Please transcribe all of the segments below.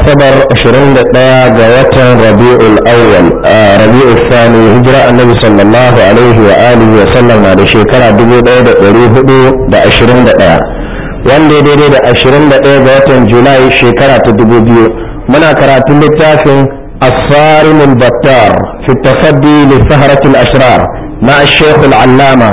asabar 21 ga watan rabi'ul awwal a rabi'ul sani hijira annabi sallallahu alaihi wa alihi wa sallam na da shekara 1421 wanda daidai da 21 ga watan julai shekara ta 2000 muna karatun littafin asarin al-battar fi tafaddi li saharatul ashrar na shekul allama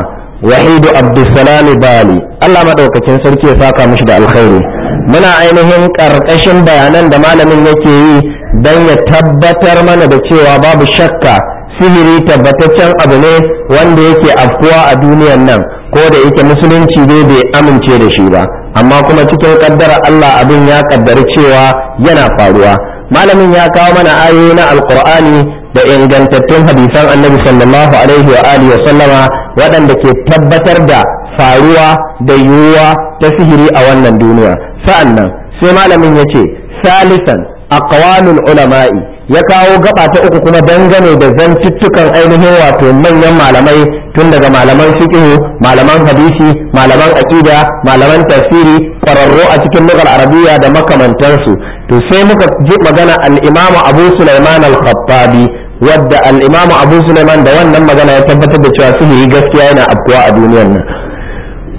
wahidu abdulsalam bali allah madaukakin sarki ya saka mishi da alkhairi muna ainihin ƙarƙashin bayanan da malamin yake yi don ya tabbatar mana da cewa babu shakka sihiri tabbataccen abu ne wanda yake afkuwa a duniyan nan ko da yake musulunci ne bai amince da shi ba amma kuma cikin kaddara Allah abin ya ƙaddari cewa yana faruwa malamin ya kawo mana ayoyi na alkur'ani da ingantattun hadisan annabi sallallahu alaihi wa alihi wa sallama waɗanda ke tabbatar da faruwa da yiwuwa ta sihiri a wannan duniya sa'an nan sai malamin ya ce salisan aqwalul ulama'i ya kawo gaba ta uku kuma dangane da zantuttukan ainihin wato manyan malamai tun daga malaman fiqh malaman hadisi malaman aqida malaman tafsiri kwararru a cikin lugar arabiya da makamantansu to sai muka ji magana al-imam abu sulaiman al-khattabi wadda al-imam abu sulaiman da wannan magana ya tabbatar da cewa sihiri gaskiya yana afkuwa a duniyar nan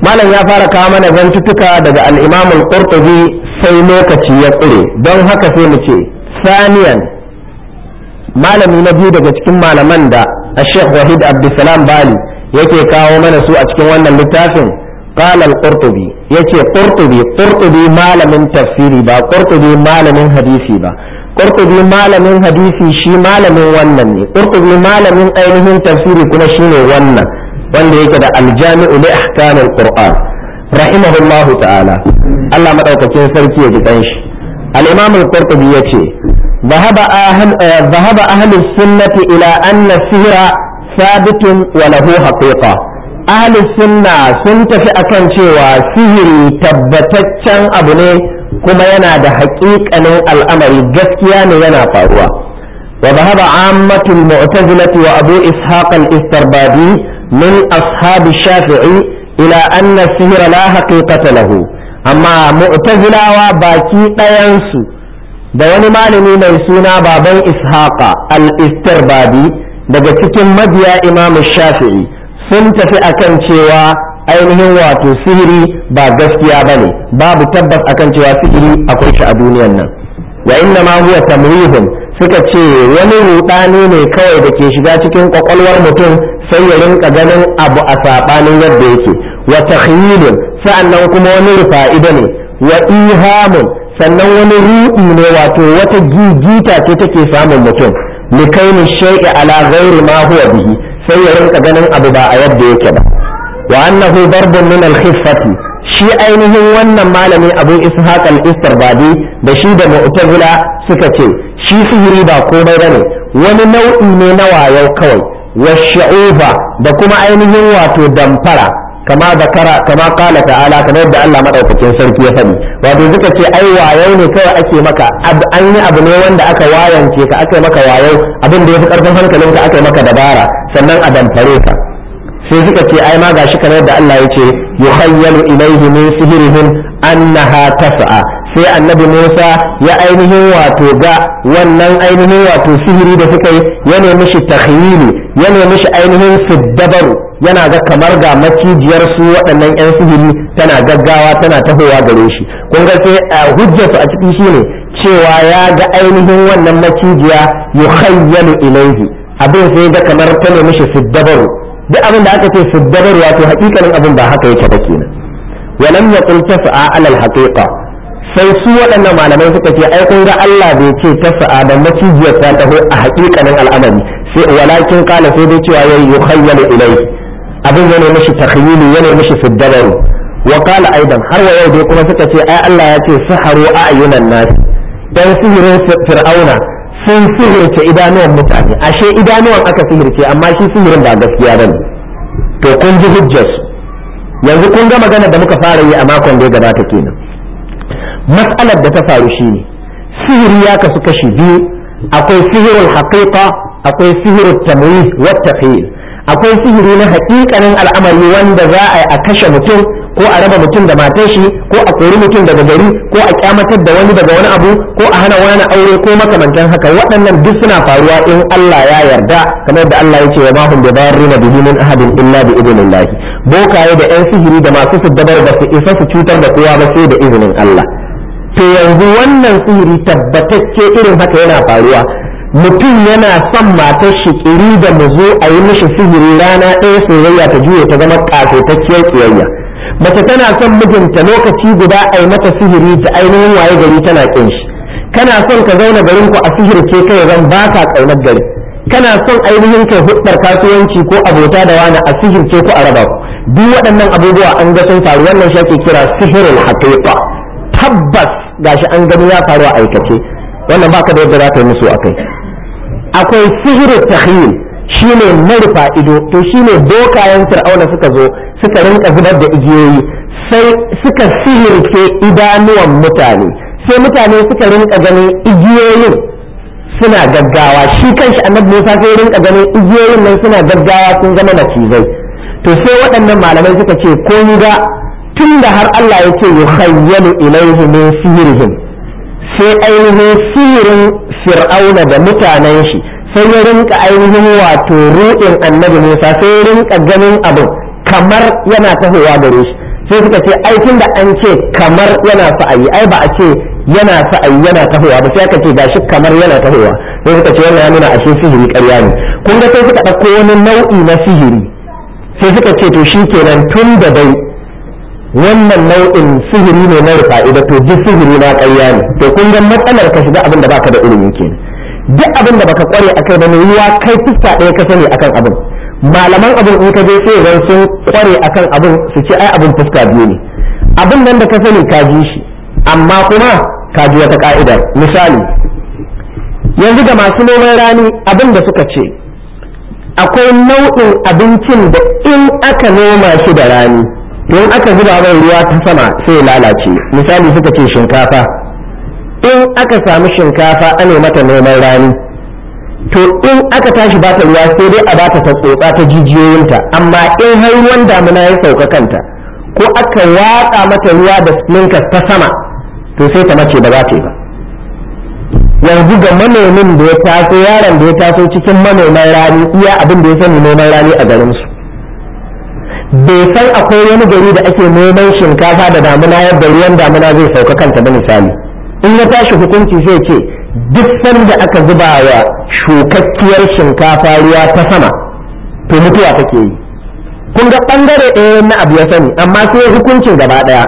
malam ya fara kawo mana zantuttuka daga al'imamul qurtubi sai lokaci ya tsire don haka sai mu ce saniyan malami na biyu daga cikin malaman da الشيخ Wahid عبد Bali بالي yake kawo mana su a cikin wannan littafin qala ƙurtubi, qurtubi yace ƙurtubi, ƙurtubi malamin tafsiri ba qurtubi malamin hadisi ba ƙurtubi malamin hadisi shi malamin wannan ne qurtubi malamin ainihin tafsiri kuma shine wannan wanda yake da aljami'u li ahkamil qur'an rahimahullahu ta'ala Allah madaukakin sarki ya ji kanshi al-imam al-qurtubi yace dhahaba ahl dhahaba eh, ahli sunnati ila anna sihra sabitun wa lahu haqiqa ahli sunna sun tafi akan cewa sihiri tabbataccen abu ne kuma yana da haƙiƙanin al'amari gaskiya ne yana faruwa وذهب عامة المعتزلة وأبو إسحاق الإستربادي Mun أصحاب shafi'i ila أن السهر لا حقيقة له أما مؤتزلا وباكي ينسو da wani malami mai suna baban ishaqa al Babi daga cikin mabiya imam shafi'i sun tafi akan cewa ainihin wato sihiri ba gaskiya ba ne, babu tabbas akan cewa sihiri akwai shi a duniyan nan wa inna ma huwa tamrihun suka ce wani ruɗani ne kawai da ke shiga cikin ƙwaƙwalwar mutum sai ya rinka ganin abu a saɓanin yadda yake wa takhyilun sa'annan kuma wani rufa'ida ne wa ihamun sannan wani ruɗi ne wato wata gigita ce take samun mutum likaini shai'i ala ghairi ma huwa bihi sai ya rinka ganin abu ba a yadda yake ba wa annahu darbun min al shi ainihin wannan malami abu ishaq al-istarbabi da shi da mu'tazila suka ce shi sihiri ba komai bane wani nau'i ne na wayo kawai والشعوبة da kuma ainihin wato damfara kama zakara kama kala ala kamar da Allah madaukakin sarki ya faɗi wato duka ce ai wayau ne kawai ake maka an yi abu ne wanda aka wayance ka aka maka wayau abin da ya fi karfin hankalin ka aka maka dabara sannan a damfare ka sai suka ce ai ma gashi kamar da Allah ya ce yukhayyalu ilayhi min sihrihim annaha tas'a sai annabi Musa ya ainihin wato ga wannan ainihin wato sihiri da suka yi ya nemi shi takhyili ya nemi shi ainihin siddabaru yana ga kamar ga macijiyar su waɗannan 'yan sihiri tana gaggawa tana tahowa gare shi kun ga sai hujjarsu a ciki shine cewa ya ga ainihin wannan macijiya yukhayyalu ilaihi abin sai ga kamar ta nemi shi siddabaru duk abin da aka ce siddabaru wato hakikalin abin ba haka yake ba kenan ya يقل تسعى alal الحقيقه sai su waɗannan malamai suka ce ai kun ga Allah bai ce ta sa'ada macijiyar ta taho a haƙiƙanin al'amari sai walakin kala sai dai cewa yayi yukhayyalu ilai abin yana mishi takhyili yana mishi siddabaru wa qala aidan har wa yau dai kuma suka ce ai Allah ya ce saharu ayunan nas dan sihirin fir'auna sun sihirce idanuwan mutane ashe idanuwan aka sihirce amma shi sihirin ba gaskiya bane to kun ji hujjar yanzu kun ga magana da muka fara yi a makon da ya gabata kenan matsalar da ta faru ne sihiri ya kasu kashi biyu akwai sihirul haqiqa akwai sihirul tamwih wa akwai sihiri na haƙiƙanin al'amari wanda za a yi a kashe mutum ko a raba mutum da matar shi ko a kori mutum daga gari ko a kyamatar da wani daga wani abu ko a hana wani aure ko makamantan haka waɗannan duk suna faruwa in Allah ya yarda kamar da Allah ya ce wa mahum bi darrina bihi min ahadin illa bi idnillah bokaye da yan sihiri da masu suddabar ba su isa su cutar da kowa ba sai da izinin Allah to yanzu wannan sihiri tabbatacce irin haka yana faruwa mutum yana son matar shi kiri da mu zo a yi mishi sihiri rana ɗaya soyayya ta juya ta zama ƙasaitacciyar kiyayya, mace tana son mijinta lokaci guda a yi mata sihiri da ainihin waye gari tana ƙin shi kana son ka zauna garin ku a sihirce kai zan ba ka ƙaunar gari kana son ainihin kai hudar kasuwanci ko abota da wani a sihirce ku a raba ku duk waɗannan abubuwa an ga sun faru wannan shi ake kira sihirul haqiqa tabbas gashi an gani ya faru a aikace wannan baka da yadda za ka yi musu akai akwai sihiru tahyil shine marufa ido to shine bokayen fir'auna suka zo suka rinka zubar da igiyoyi sai suka sihirce idanuwan mutane sai mutane suka rinka ganin igiyoyin suna gaggawa shi kanshi annabi Musa sai rinka ganin igiyoyin nan suna gaggawa sun zama cizai to sai waɗannan malamai suka ce ko ga tun da har Allah ya ce yukhayyalu ilaihi min sihirihim sai ainihin sihirin fir'auna da mutanen shi sai ya rinka ainihin wato ruɗin annabi Musa sai ya rinka ganin abu kamar yana tahowa gare shi sai suka ce ai da an ce kamar yana sa'ayi ai ba a ce yana sa'ayi yana tahowa ba sai aka ce gashi kamar yana tahowa sai suka ce wannan ya nuna ashe sihiri ƙarya ne kun ga sai suka ɗauko wani nau'i na sihiri sai suka ce to shi kenan tun da dai wannan nau'in sihiri ne na rufa'i to duk sihiri na ƙarya ne to kun ga matsalar ka shiga abin da baka da ilimi kenan duk abin da baka kware akai ba ne ruwa kai fuska ɗaya ka sani akan abin malaman abin in ka je sai zan sun kware akan abin su ce ai abin fuska biyu ne abin nan da ka sani ka ji shi amma kuma ka ji wata ka'ida misali yanzu da masu noman rani abin da suka ce akwai nau'in abincin da in aka noma shi da rani Don in aka zuba mai ruwa ta sama sai ya lalace misali suka ce shinkafa in aka samu shinkafa ana mata noman rani to in aka tashi ba ta ruwa sai dai a ba ta tsotsa ta jijiyoyinta amma in har ruwan damuna ya sauka kanta ko aka watsa mata ruwa da ninka ta sama to sai ta mace ba za ta yi ba yanzu ga manomin da ya taso yaron da ya taso cikin manoman rani iya abin da ya sani noman rani a garinsu bai san akwai wani gari da ake neman shinkafa da damuna yadda ruwan damuna zai sauka kanta ba misali in ya tashi hukunci sai ce duk sanda aka zuba wa shukakkiyar shinkafa ruwa ta sama to mutuwa take yi kun ga bangare ɗaya na abu ya sani amma sai hukuncin gaba ɗaya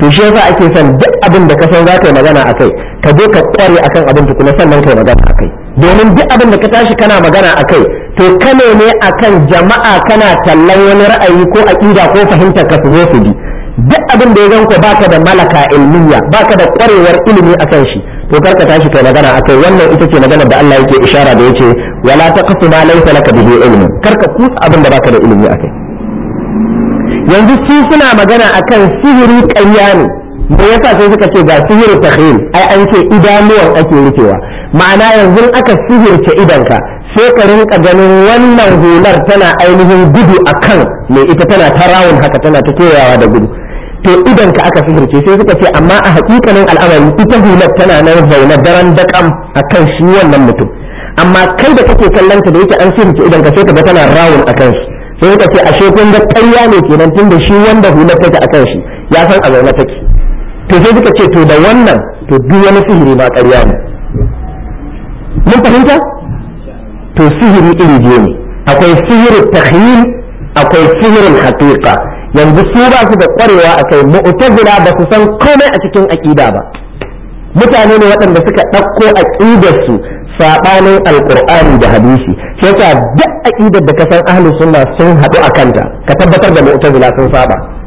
to shi yasa ake son duk abin da ka san za ka yi magana akai ka je ka kware akan abin tukuna sannan kai magana akai domin duk abin da ka tashi kana magana a kai to ka ne a kan jama'a kana tallan wani ra'ayi ko aƙida ko fahimtar ka su zo su bi duk abin da ya ganko baka da malaka ilmiya baka da ƙwarewar ilimi a kan shi to karka tashi kai magana a kai wannan ita ce magana da Allah yake ishara da yace wala taqsu ma laysa laka bihi ilmi karka kusa abin da baka da ilimi a kai yanzu su suna magana akan sihiri ƙarya ne me yasa sai suka ce ga ta takhil ai an ce idanuwan ake rufewa ma'ana yanzu aka sihirce idanka sai ka rinka ganin wannan hular tana ainihin gudu akan mai ita tana ta rawun haka tana ta koyawa da gudu to idan ka aka sihirce sai suka ce amma a hakikanin al'amari ita hular tana nan zaune daren daƙam akan shi wannan mutum amma kai da kake kallon ta da yake an sihirce idanka ka sai ka ga tana rawun akan shi sai suka ce ashe kun ga ƙarya ne kenan tunda shi wanda hular take akan shi ya san a zaune take to sai suka ce to da wannan to duk wani sihiri ma ƙarya ne mun fahimta to sihiri iri biyu ne akwai sihirin tahyil akwai sihirin haƙiƙa yanzu su ba su da ƙwarewa a kai mu'tazila ba su san komai a cikin aƙida ba mutane ne waɗanda suka ɗauko su saɓanin alƙur'ani da hadisi sai duk aƙidar da ka san ahlus sunna sun haɗu a kanta ka tabbatar da mu'tazila sun saba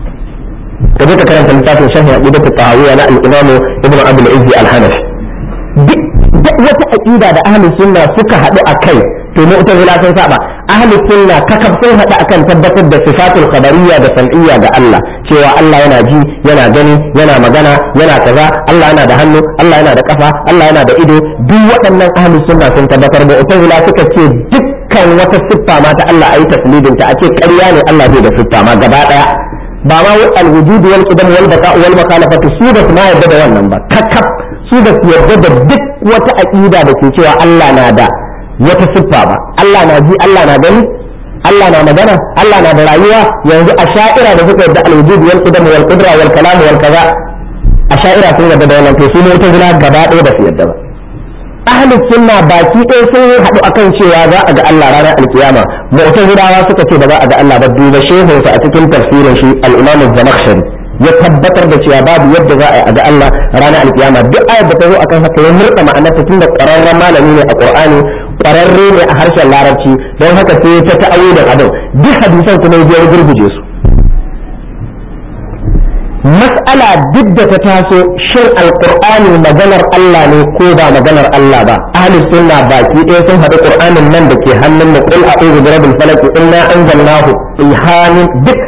ka zai ka karanta littafin sharhi aqidatu tahawiyya na alimamu imam ibn abdul izi al-hanafi duk wata aƙida da ahli sunna suka haɗu a kai to mu ita hila sun saba ahli sunna kakaf sun haɗu akan tabbatar da sifatul khabariyya da sam'iyya ga Allah cewa Allah yana ji yana gani yana magana yana kaza Allah yana da hannu Allah yana da kafa Allah yana da ido duk waɗannan ahli sunna sun tabbatar da ita hila suka ce dukkan wata siffa ma ta Allah ayi taslidin ta a ce ƙarya ne Allah zai da siffa ma gaba ɗaya ba ma al-wujud wal qidam wal baqa wal mukhalafatu su ba su ma da wannan ba kakkaf su ba su yarda da duk wata aqida da ke cewa Allah na da wata siffa ba Allah na ji Allah na gani Allah na magana Allah na da rayuwa yanzu a sha'ira da suka yadda al-wujud wal qidam wal qudra wal kalam wal kaza a sha'ira sun yarda da wannan to su ne wata gaba ɗaya ba su yadda ba ahli sunna baki ɗaya sun haɗu akan cewa za a ga Allah ranar alkiyama gudawa suka ce ba za a ga Allah ba duba su a cikin tafsirin shi al-Imam az ya tabbatar da cewa babu yadda za a yi a ga Allah ranar alkiyama duk ayat da ta zo akan haka ya murɗa ma'anarta tunda ƙararren malami ne a Qur'ani ƙwararre ne a harshen larabci don haka sai ta ta'awudan abin duk hadisan kuma ya je gurguje su mas'ala duk da ta taso shin alqur'ani maganar Allah ne ko ba maganar Allah ba ahlus sunna baki ɗaya sun haɗu qur'anin nan da ke hannun mu qul a'udhu bi rabbil falaq inna anzalnahu ilhamin duk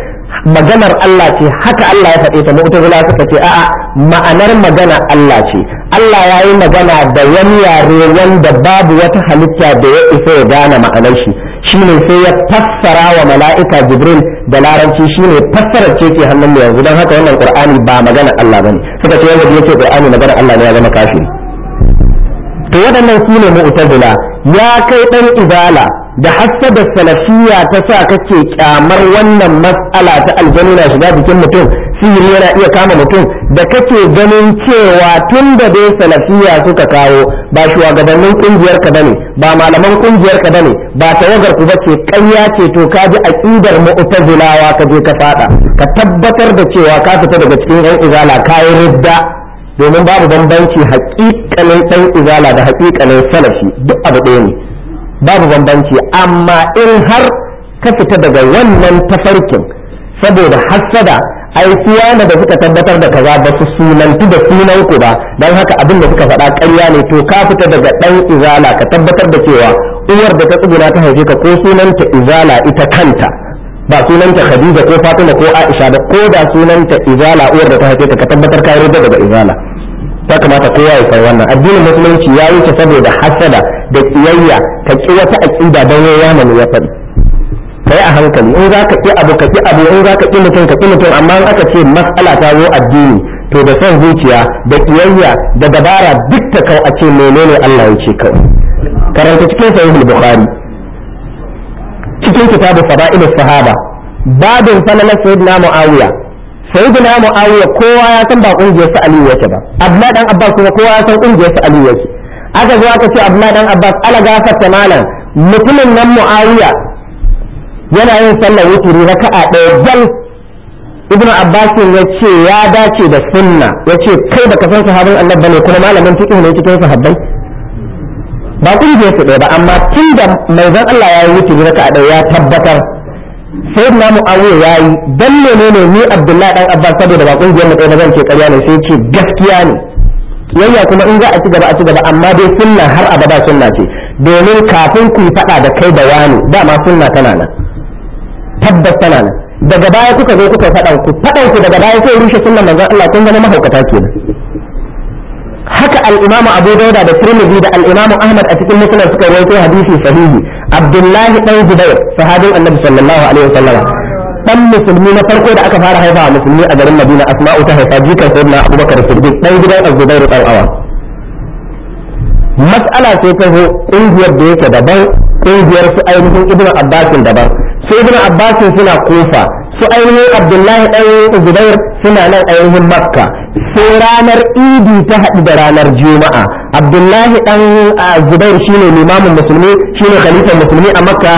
maganar Allah ce haka Allah ya faɗe ta mu'tazila suka ce a'a ma'anar magana Allah ce Allah ya yi magana da wani yare wanda babu wata halitta da ya isa ya gane ma'anar shi shine sai ya fassara wa mala'ika Jibril da larabci shine fassarar ce ce hannun mu yanzu don haka wannan Qur'ani ba magana Allah bane suka ce wanda yake Qur'ani magana Allah ne ya zama kafiri to waɗannan su ne mu'tazila ya kai dan izala da hassada salafiya ta sa kake kyamar wannan matsala ta aljanu na shiga jikin mutum sihiri yana iya kama mutum da kake ganin cewa tun da dai salafiya suka kawo ba shugabannin kungiyar ka bane ba malaman kungiyar ka bane ba tawagar ku bace ce ce to ka ji aqidar mu'tazilawa ka je ka fada ka tabbatar da cewa ka fita daga cikin yan izala yi ridda domin babu bambanci haƙiƙanin ɗan izala da haƙiƙanin salafi duk abu ɗaya ne babu bambanci amma in har ka fita daga wannan tafarkin saboda hassada ai siyana da suka tabbatar da kaza ba su sunantu da sunan ku ba don haka abin da suka faɗa ƙarya ne to ka fita daga ɗan izala ka tabbatar da cewa uwar da ta tsuguna ta haife ka ko sunanta izala ita kanta ba sunanta khadija ko fatima ko aisha ba ko da sunanta izala uwar da ta haife ka ka tabbatar ka yarda daga izala ta kamata kowa ya san wannan addinin musulunci ya wuce saboda hasada da tsiyayya ka ki wata aqida ya yana ne ya faɗi kai a hankali in za ka ki abu ka ki abu in za ka ki mutum ka ki mutum amma in aka ce mas'ala ta zo addini to da son zuciya da kiyayya da dabara duk ta kau a ce menene Allah ya ce kawai karanta cikin al bukhari cikin kitabu fada'ilus sahaba babin falalar sayyidina muawiya sayyidina muawiya kowa ya san ba kungiyar su aliyu yake ba abdullahi dan abbas kuma kowa ya san kungiyar su aliyu yake aka zo aka ce abdullahi dan abbas ala gafarta malam mutumin nan muawiya yana yin sallar wuturi raka'a ɗaya dal ibn abbas ya ce ya dace da sunna ya ce kai baka san sahabin annabi bane kuma malamin fiqh ne cikin sahabbai ba kungiyar su ɗaya ba amma tun da mai zan Allah ya yi wuturi raka'a ɗaya ya tabbatar sai na mu'awiya ya yi dan menene ni abdullahi dan abbas saboda ba kungiyar mu ɗaya ba zan ce ƙarya ne sai ce gaskiya ne yayya kuma in za a ci gaba a ci gaba amma dai sunna har abada sunna ce domin kafin ku faɗa da kai da wani dama sunna tana nan tabbas tana nan daga baya kuka zo kuka faɗan ku faɗan ku daga baya sai rushe sunna manzon Allah kun zama mahaukata kenan haka al-Imam Abu Dawud da Tirmidhi da al-Imam Ahmad a cikin musnad suka rawaito hadisi sahihi Abdullahi ibn Zubair sahabin Annabi sallallahu alaihi wasallam dan musulmi na farko da aka fara haifa musulmi a garin Madina Asma'u ta haifa jikan Sayyidina Abubakar Siddiq dan gidan Az-Zubair dan mas'ala ce ta zo kungiyar da yake daban kungiyar su ainihin Ibn Abbas daban su Ibn Abbas suna kofa su ainihin Abdullahi dan Zubair suna nan ainihin Makka sai ranar Idi ta haɗu da ranar Juma'a Abdullahi dan Zubair shine limamin musulmi shine khalifan musulmi a Makka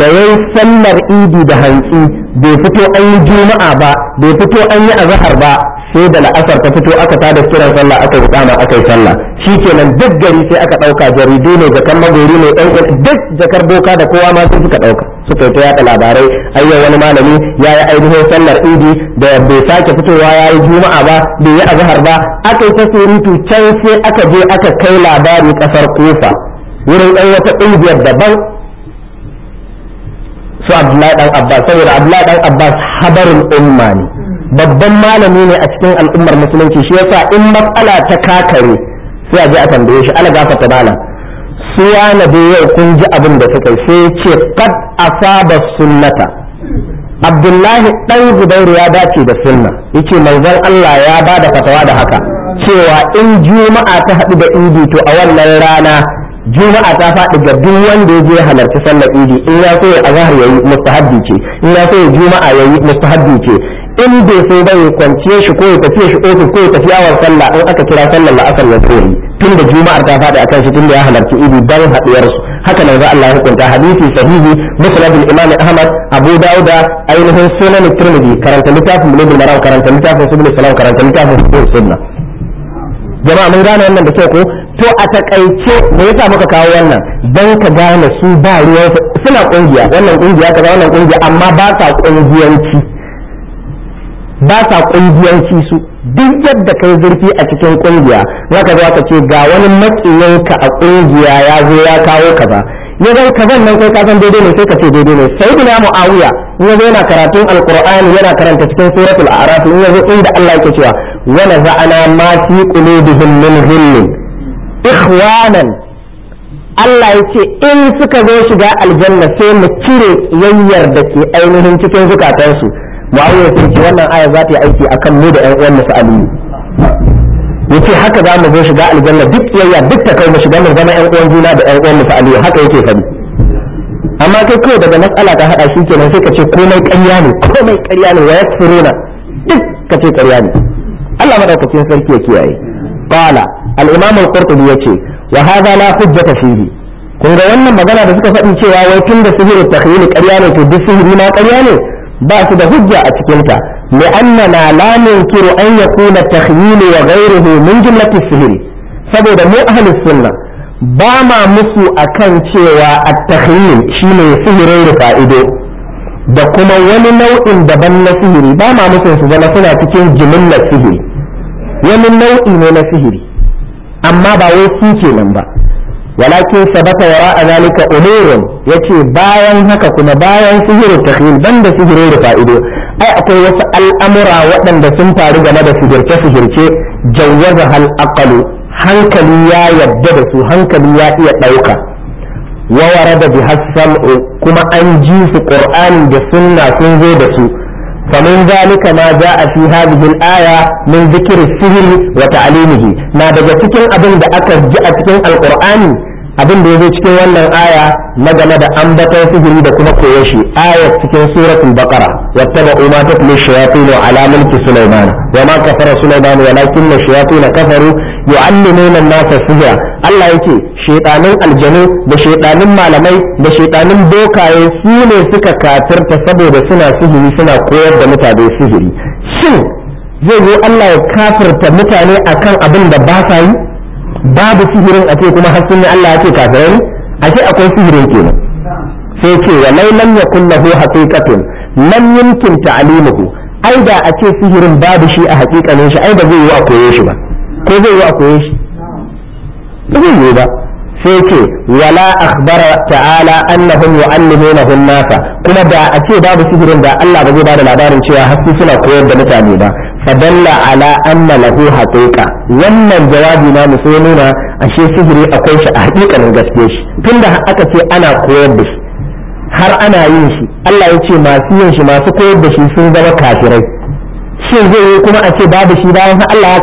da yayi sallar Idi da hantsi bai fito an yi juma'a ba bai fito an yi azhar ba sai da la'asar ta fito aka tada kiran sallah aka yi dama aka yi sallah shikenan duk gari sai aka ɗauka jaridu ne jakar magori ne ɗan duk jakar doka da kowa ma sai suka ɗauka suka yi ta yada labarai ayyo wani malami ya yi ainihin sallar idi da bai sake fitowa ya yi juma'a ba bai yi azahar ba aka yi ta surutu can sai aka je aka kai labari kasar kufa wurin ɗan wata ƙungiyar daban su abdullahi dan abbas saboda abdullahi dan abbas habarin umma ne babban malami ne a cikin al'ummar musulunci shi yasa in matsala ta kakare sai a je a tambaye shi ala gafa malam su yana da yau kun ji abin da suka sai ce qad asaba sunnata abdullahi dan zubairu ya dace da sunna yace manzon Allah ya bada fatawa da haka cewa in juma'a ta haɗu da idi to a wannan rana juma'a ta faɗi ga duk wanda ya je halarci sallar idi in ya so ya azhar yayi mustahabbi ce in ya so ya juma'a yayi mustahabbi ce in bai so ba ya kwanciye shi ko ya tafiye shi ofis ko ya tafi awon sallah in aka kira sallar la'asar ya so yi tun da juma'ar ta faɗi akan shi tun da ya halarci idi dan haɗuwar su haka nan za Allah hukunta hadisi sahihi musnad al-imam Ahmad Abu dauda ainihin sunan Tirmidhi karanta littafin Bulugh maram karanta littafin Subul Salam karanta littafin Sunnah jama'a mun gane wannan da kyau ko to a takaice me yasa muka kawo wannan dan ka gane su ba ruwan suna kungiya wannan kungiya kaza wannan kungiya amma ba sa kungiyanci ba sa kungiyanci su duk yadda kai zurfi a cikin kungiya zaka zo ka ce ga wani matsiyinka a kungiya ya zo ya kawo kaza ya zai ka zan nan kai ka daidai ne sai ka ce daidai ne sai ina muawiya ya zo yana karatun alkur'ani yana karanta cikin suratul a'raf in ya zo inda Allah yake cewa wa naza'ana ma fi qulubihim min ghillin ikhwanan Allah ya ce in suka zo shiga aljanna sai mu cire yayyar da ke ainihin cikin zukatansu muawiya sai ce wannan aya za ta yi aiki akan mu da ƴan uwan mu su yace haka za mu zo shiga aljanna duk yayya duk ta kai mu shiga mu zama ƴan uwan juna da ƴan uwan mu aliyu haka yake faɗi amma kai kawai daga matsala ta hada shi kenan sai ka ce komai ƙarya ne komai ƙarya ne wa yakfuruna duk ka ce ƙarya ne Allah madaukakin sarki ya kiyaye qala al-imam al-qurtubi yace wa hadha la hujjata fihi kun ga wannan magana da suka faɗi cewa wai tun da sihirin takhyil ƙarya ne to duk sihiri ma ƙarya ne ba su da hujja a cikinta li'annana la nunkiru an yakuna takhyil wa ghayruhu min jumlati sihr saboda mu ahli sunna ba ma musu akan cewa at-takhyil shine sihirin faido da kuma wani nau'in daban na sihiri ba ma musu su zama suna cikin jimillar sihiri wani nau'i ne na sihiri amma ba wai su nan ba walakin sabata wara'a zalika umurun yace bayan haka kuma bayan sihiru takhil banda sihirin da fa'ido ai akwai wasu al'amura waɗanda sun faru game da sihirce-sihirce sihirce jawwaza hal aqalu hankali ya yadda da su hankali ya iya ɗauka wa warada bi hasan kuma an ji su qur'ani da sunna sun zo da su فمن ذلك ما جاء في هذه الآية من ذكر السهر وتعليمه ما daga cikin abin da aka ji a cikin Alkur'ani? abin da ya zo cikin wannan aya na game da ambaton sihiri da kuma koyon shi ayat cikin suratul baqara wattaba umma tatlu shayatin ala mulki sulaiman wa ma kafara sulaiman walakinna shayatin kafaru yu'allimuna an-nasa sihra Allah yake shaytanin aljanu da shaytanin malamai da shaytanin bokaye su ne suka kafirta saboda suna sihiri suna koyar da mutane sihiri shin zai zo Allah ya kafirta mutane akan abin da ba sa yi babu sihirin a ce kuma haskin Allah ya ce kafirai a ce akwai sihirin kenan sai ce wa lai lam yakun lahu haqiqatun lam yumkin ta'limuhu ai da a ce sihirin babu shi a hakikanin shi ai ba zai yi a koye shi ba ko zai yi a koye shi ba zai yi ba sai ce wala akhbara ta'ala annahum yu'allimuna nasa kuma da a ce babu sihirin da Allah ba zai ba da labarin cewa haske suna koyar da mutane ba فدل على أن lahu حقيقة wannan jawabi na sai nuna ashe sihiri أحقيقة من a haƙiƙanin gaske shi tunda aka ce ana koyar da shi har ana yin shi Allah ya ce masu yin أشي masu koyar da shi sun zama kafirai shin zai yi kuma a ce shi ya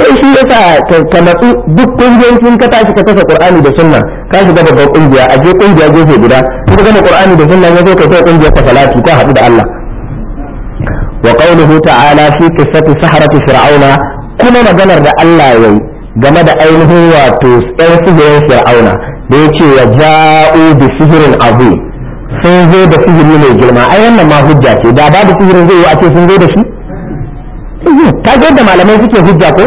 ka shi yasa ka matsu duk kungiyoyin sun ka tashi ka kasa qur'ani da sunna ka shiga babbar kungiya a je kungiya gefe guda ka gama qur'ani da sunna ya zo ka kai kungiyar salatu ka haɗu da Allah wa qawluhu ta'ala fi qissati sahrati fir'auna kuma maganar da Allah yayi game da ainihin wato 'yan sihirin fir'auna da ya ce ja'u bi sihirin abu sun zo da sihiri mai girma ai wannan ma hujja ce da babu sihirin zai yi a ce sun zo da shi Ta ga da malamai suke hujja ko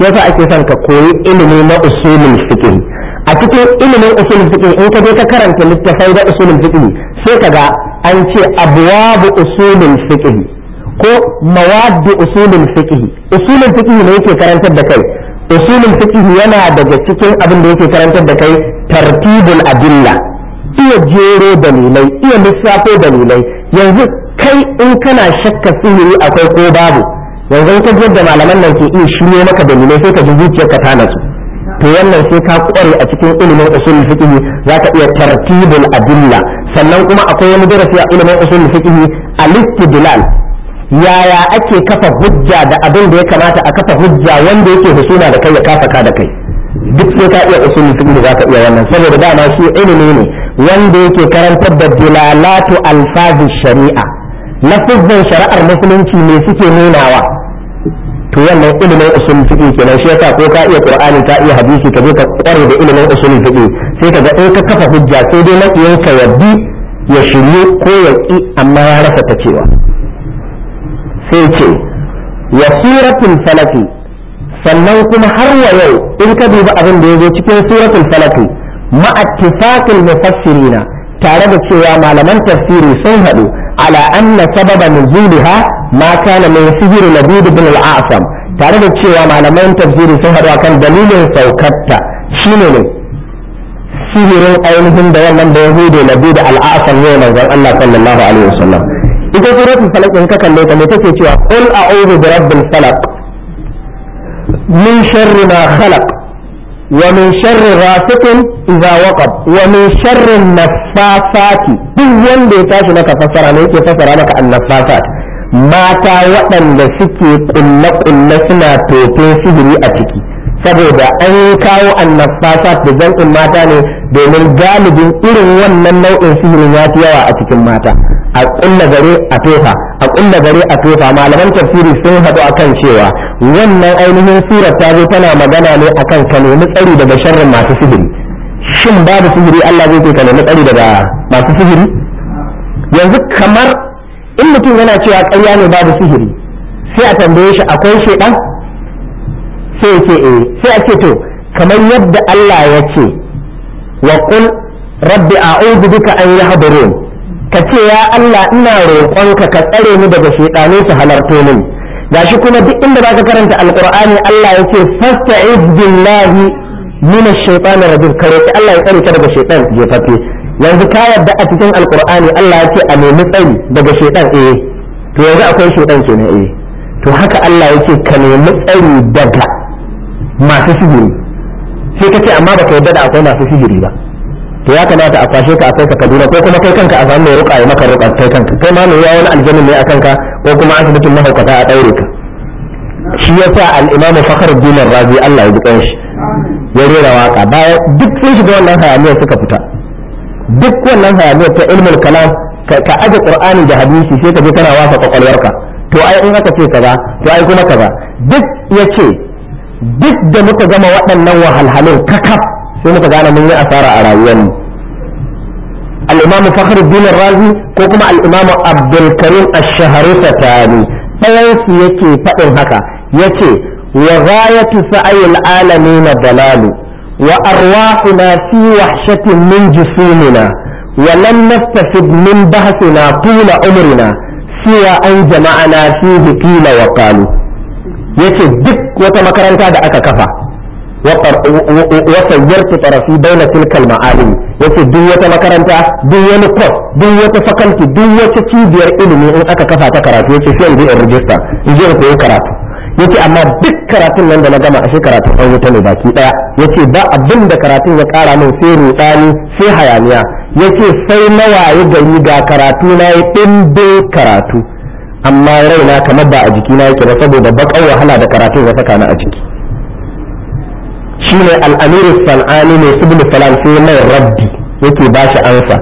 Sai yasa ake son ka koyi ilimi na usulul fiqh a cikin ilimin usulul fiqh in ka je ka karanta littattafai da usulul fiqh sai ka ga an ce abwabu usulul fiqh ko mawaddi usulul fiqh usulul fiqh ne yake karantar da kai usulul fiqh yana daga cikin abin da yake karantar da kai tartibul adilla iya jero dalilai iya lissafo dalilai yanzu kai in kana shakka sihiri akwai ko babu yanzu ka yadda malaman nan ke iya shirye maka dalilai sai ka ji zuciyarka ta nasu to wannan sai ka kware a cikin ilimin usulul fiqh zaka iya tartibul adilla sannan kuma akwai wani darasi a ilimin usulul fiqh al-istidlal yaya ake kafa hujja da abin da ya kamata a kafa hujja wanda yake husuma da kai ya kafa da kai duk sai ka iya usulul fiqh da zaka iya wannan saboda dama shi ilimi ne wanda yake karantar da dilalatu alfazi shari'a lafizan shari'ar musulunci ne suke nunawa to wannan ilimin usulul fiqh kenan shi yasa ko ka iya qur'ani ka iya hadisi ka je ka kware da ilimin usulul fiqh sai ka ga in ka kafa hujja sai dai makiyanka ya bi ya shirye ko ya ƙi amma ya rasa ta cewa sai ce wa suratul falaki sannan kuma har wa yau in ka duba abin da ya zo cikin suratul falaki ma'attifaqil na tare da cewa malaman tafsiri sun haɗu ala anna sababa nuzuliha ma kana min sihir labid ibn al-asam tare da cewa malaman tafsiri sun haɗu akan dalilin saukarta shine ne sihirin ainihin da wannan da yahudu labid al-asam ne manzon Allah sallallahu alaihi wasallam ita suratul falaq in ka kalle ta me take cewa qul a'udhu bi rabbil falaq min sharri ma khalaq wa min sharri ghasiqin idza waqab wa min sharri naffasati duk wanda ya tashi maka fassara ne yake fassara maka annafasat mata waɗanda suke kulle-kulle suna tofe sihiri a ciki saboda an kawo annafasat da jam'in mata ne domin galibin irin wannan nau'in sihirin ya fi yawa a cikin mata a kulla gare a tofa a kulla gare a tofa malaman tafsiri sun haɗu akan cewa wannan ainihin surar ta zo tana magana ne akan ka nemi tsari daga sharrin masu sihiri shin babu sihiri Allah zai ce ka nemi tsari daga masu sihiri yanzu kamar in mutum yana cewa ƙarya ne babu sihiri sai a tambaye shi akwai shaidan sai ce eh sai a ce to kamar yadda Allah ya ce wa qul rabbi a'udhu bika an yahdurun ka ce ya Allah ina roƙonka ka tsare ni daga shaytanu su halarto min gashi kuma duk inda zaka karanta alqur'ani Allah yace fasta'iz billahi min ash-shaytanir rajim ka roki Allah ya tsare ka daga shaytan jefafe yanzu ka yadda a cikin alqur'ani Allah yace a nemi tsari daga shaytan eh to yanzu akwai shaytan kenan eh to haka Allah yace ka nemi tsari daga masu sihiri sai kace amma baka yadda da akwai masu sihiri ba to ya kamata a kwashe ka a kai ka Kaduna ko kuma kai kanka a samu mai ruka ya maka ruka kai kanka kai ma mai wani ne akan ka ko kuma asibitin mahaukata a daure ka shi yasa al-Imam Fakhruddin Razi Allah ya dukan shi ya rera waka baya duk sun shiga wannan hayaniyar suka fita duk wannan hayaniyar ta ilmul kalam ka aje Qur'ani da hadisi sai ka je kana wasa kwakwalwarka to ai in aka ce kaza to ai kuma kaza duk yace duk da muka gama waɗannan wahalhalun kakaf sai muka gane mun yi asara a rayuwarmu mu al fakhruddin razi ko kuma al abdulkarim abdul karim ash ɗayan su yake faɗin haka yace wa ghayatu sa'il na dalalu wa arwahuna fi wahshatin min jusumina ولم نستفد من بحثنا طول عمرنا سوى أن جمعنا فيه قيل وقالوا yace duk wata makaranta da aka kafa wasayyarta tarafi baina tilkal ma'alim yace duk wata makaranta duk wani kwas duk wata fakalti duk wata cibiyar ilimi in aka kafa ta karatu yake sai in in rijista in je koyi karatu yace amma duk karatun nan da na gama a ashe karatun an wuta ne baki daya yace ba abin da karatun ya kara min sai rudani sai hayaniya yace sai mawaye gari ga karatu na yi dimbin karatu amma raina kamar ba a jiki na yake ba saboda bakan wahala da karatun ya saka na a jiki shine al'amiru san'ani ne ibnu salam sai mai rabbi yake ba shi ansa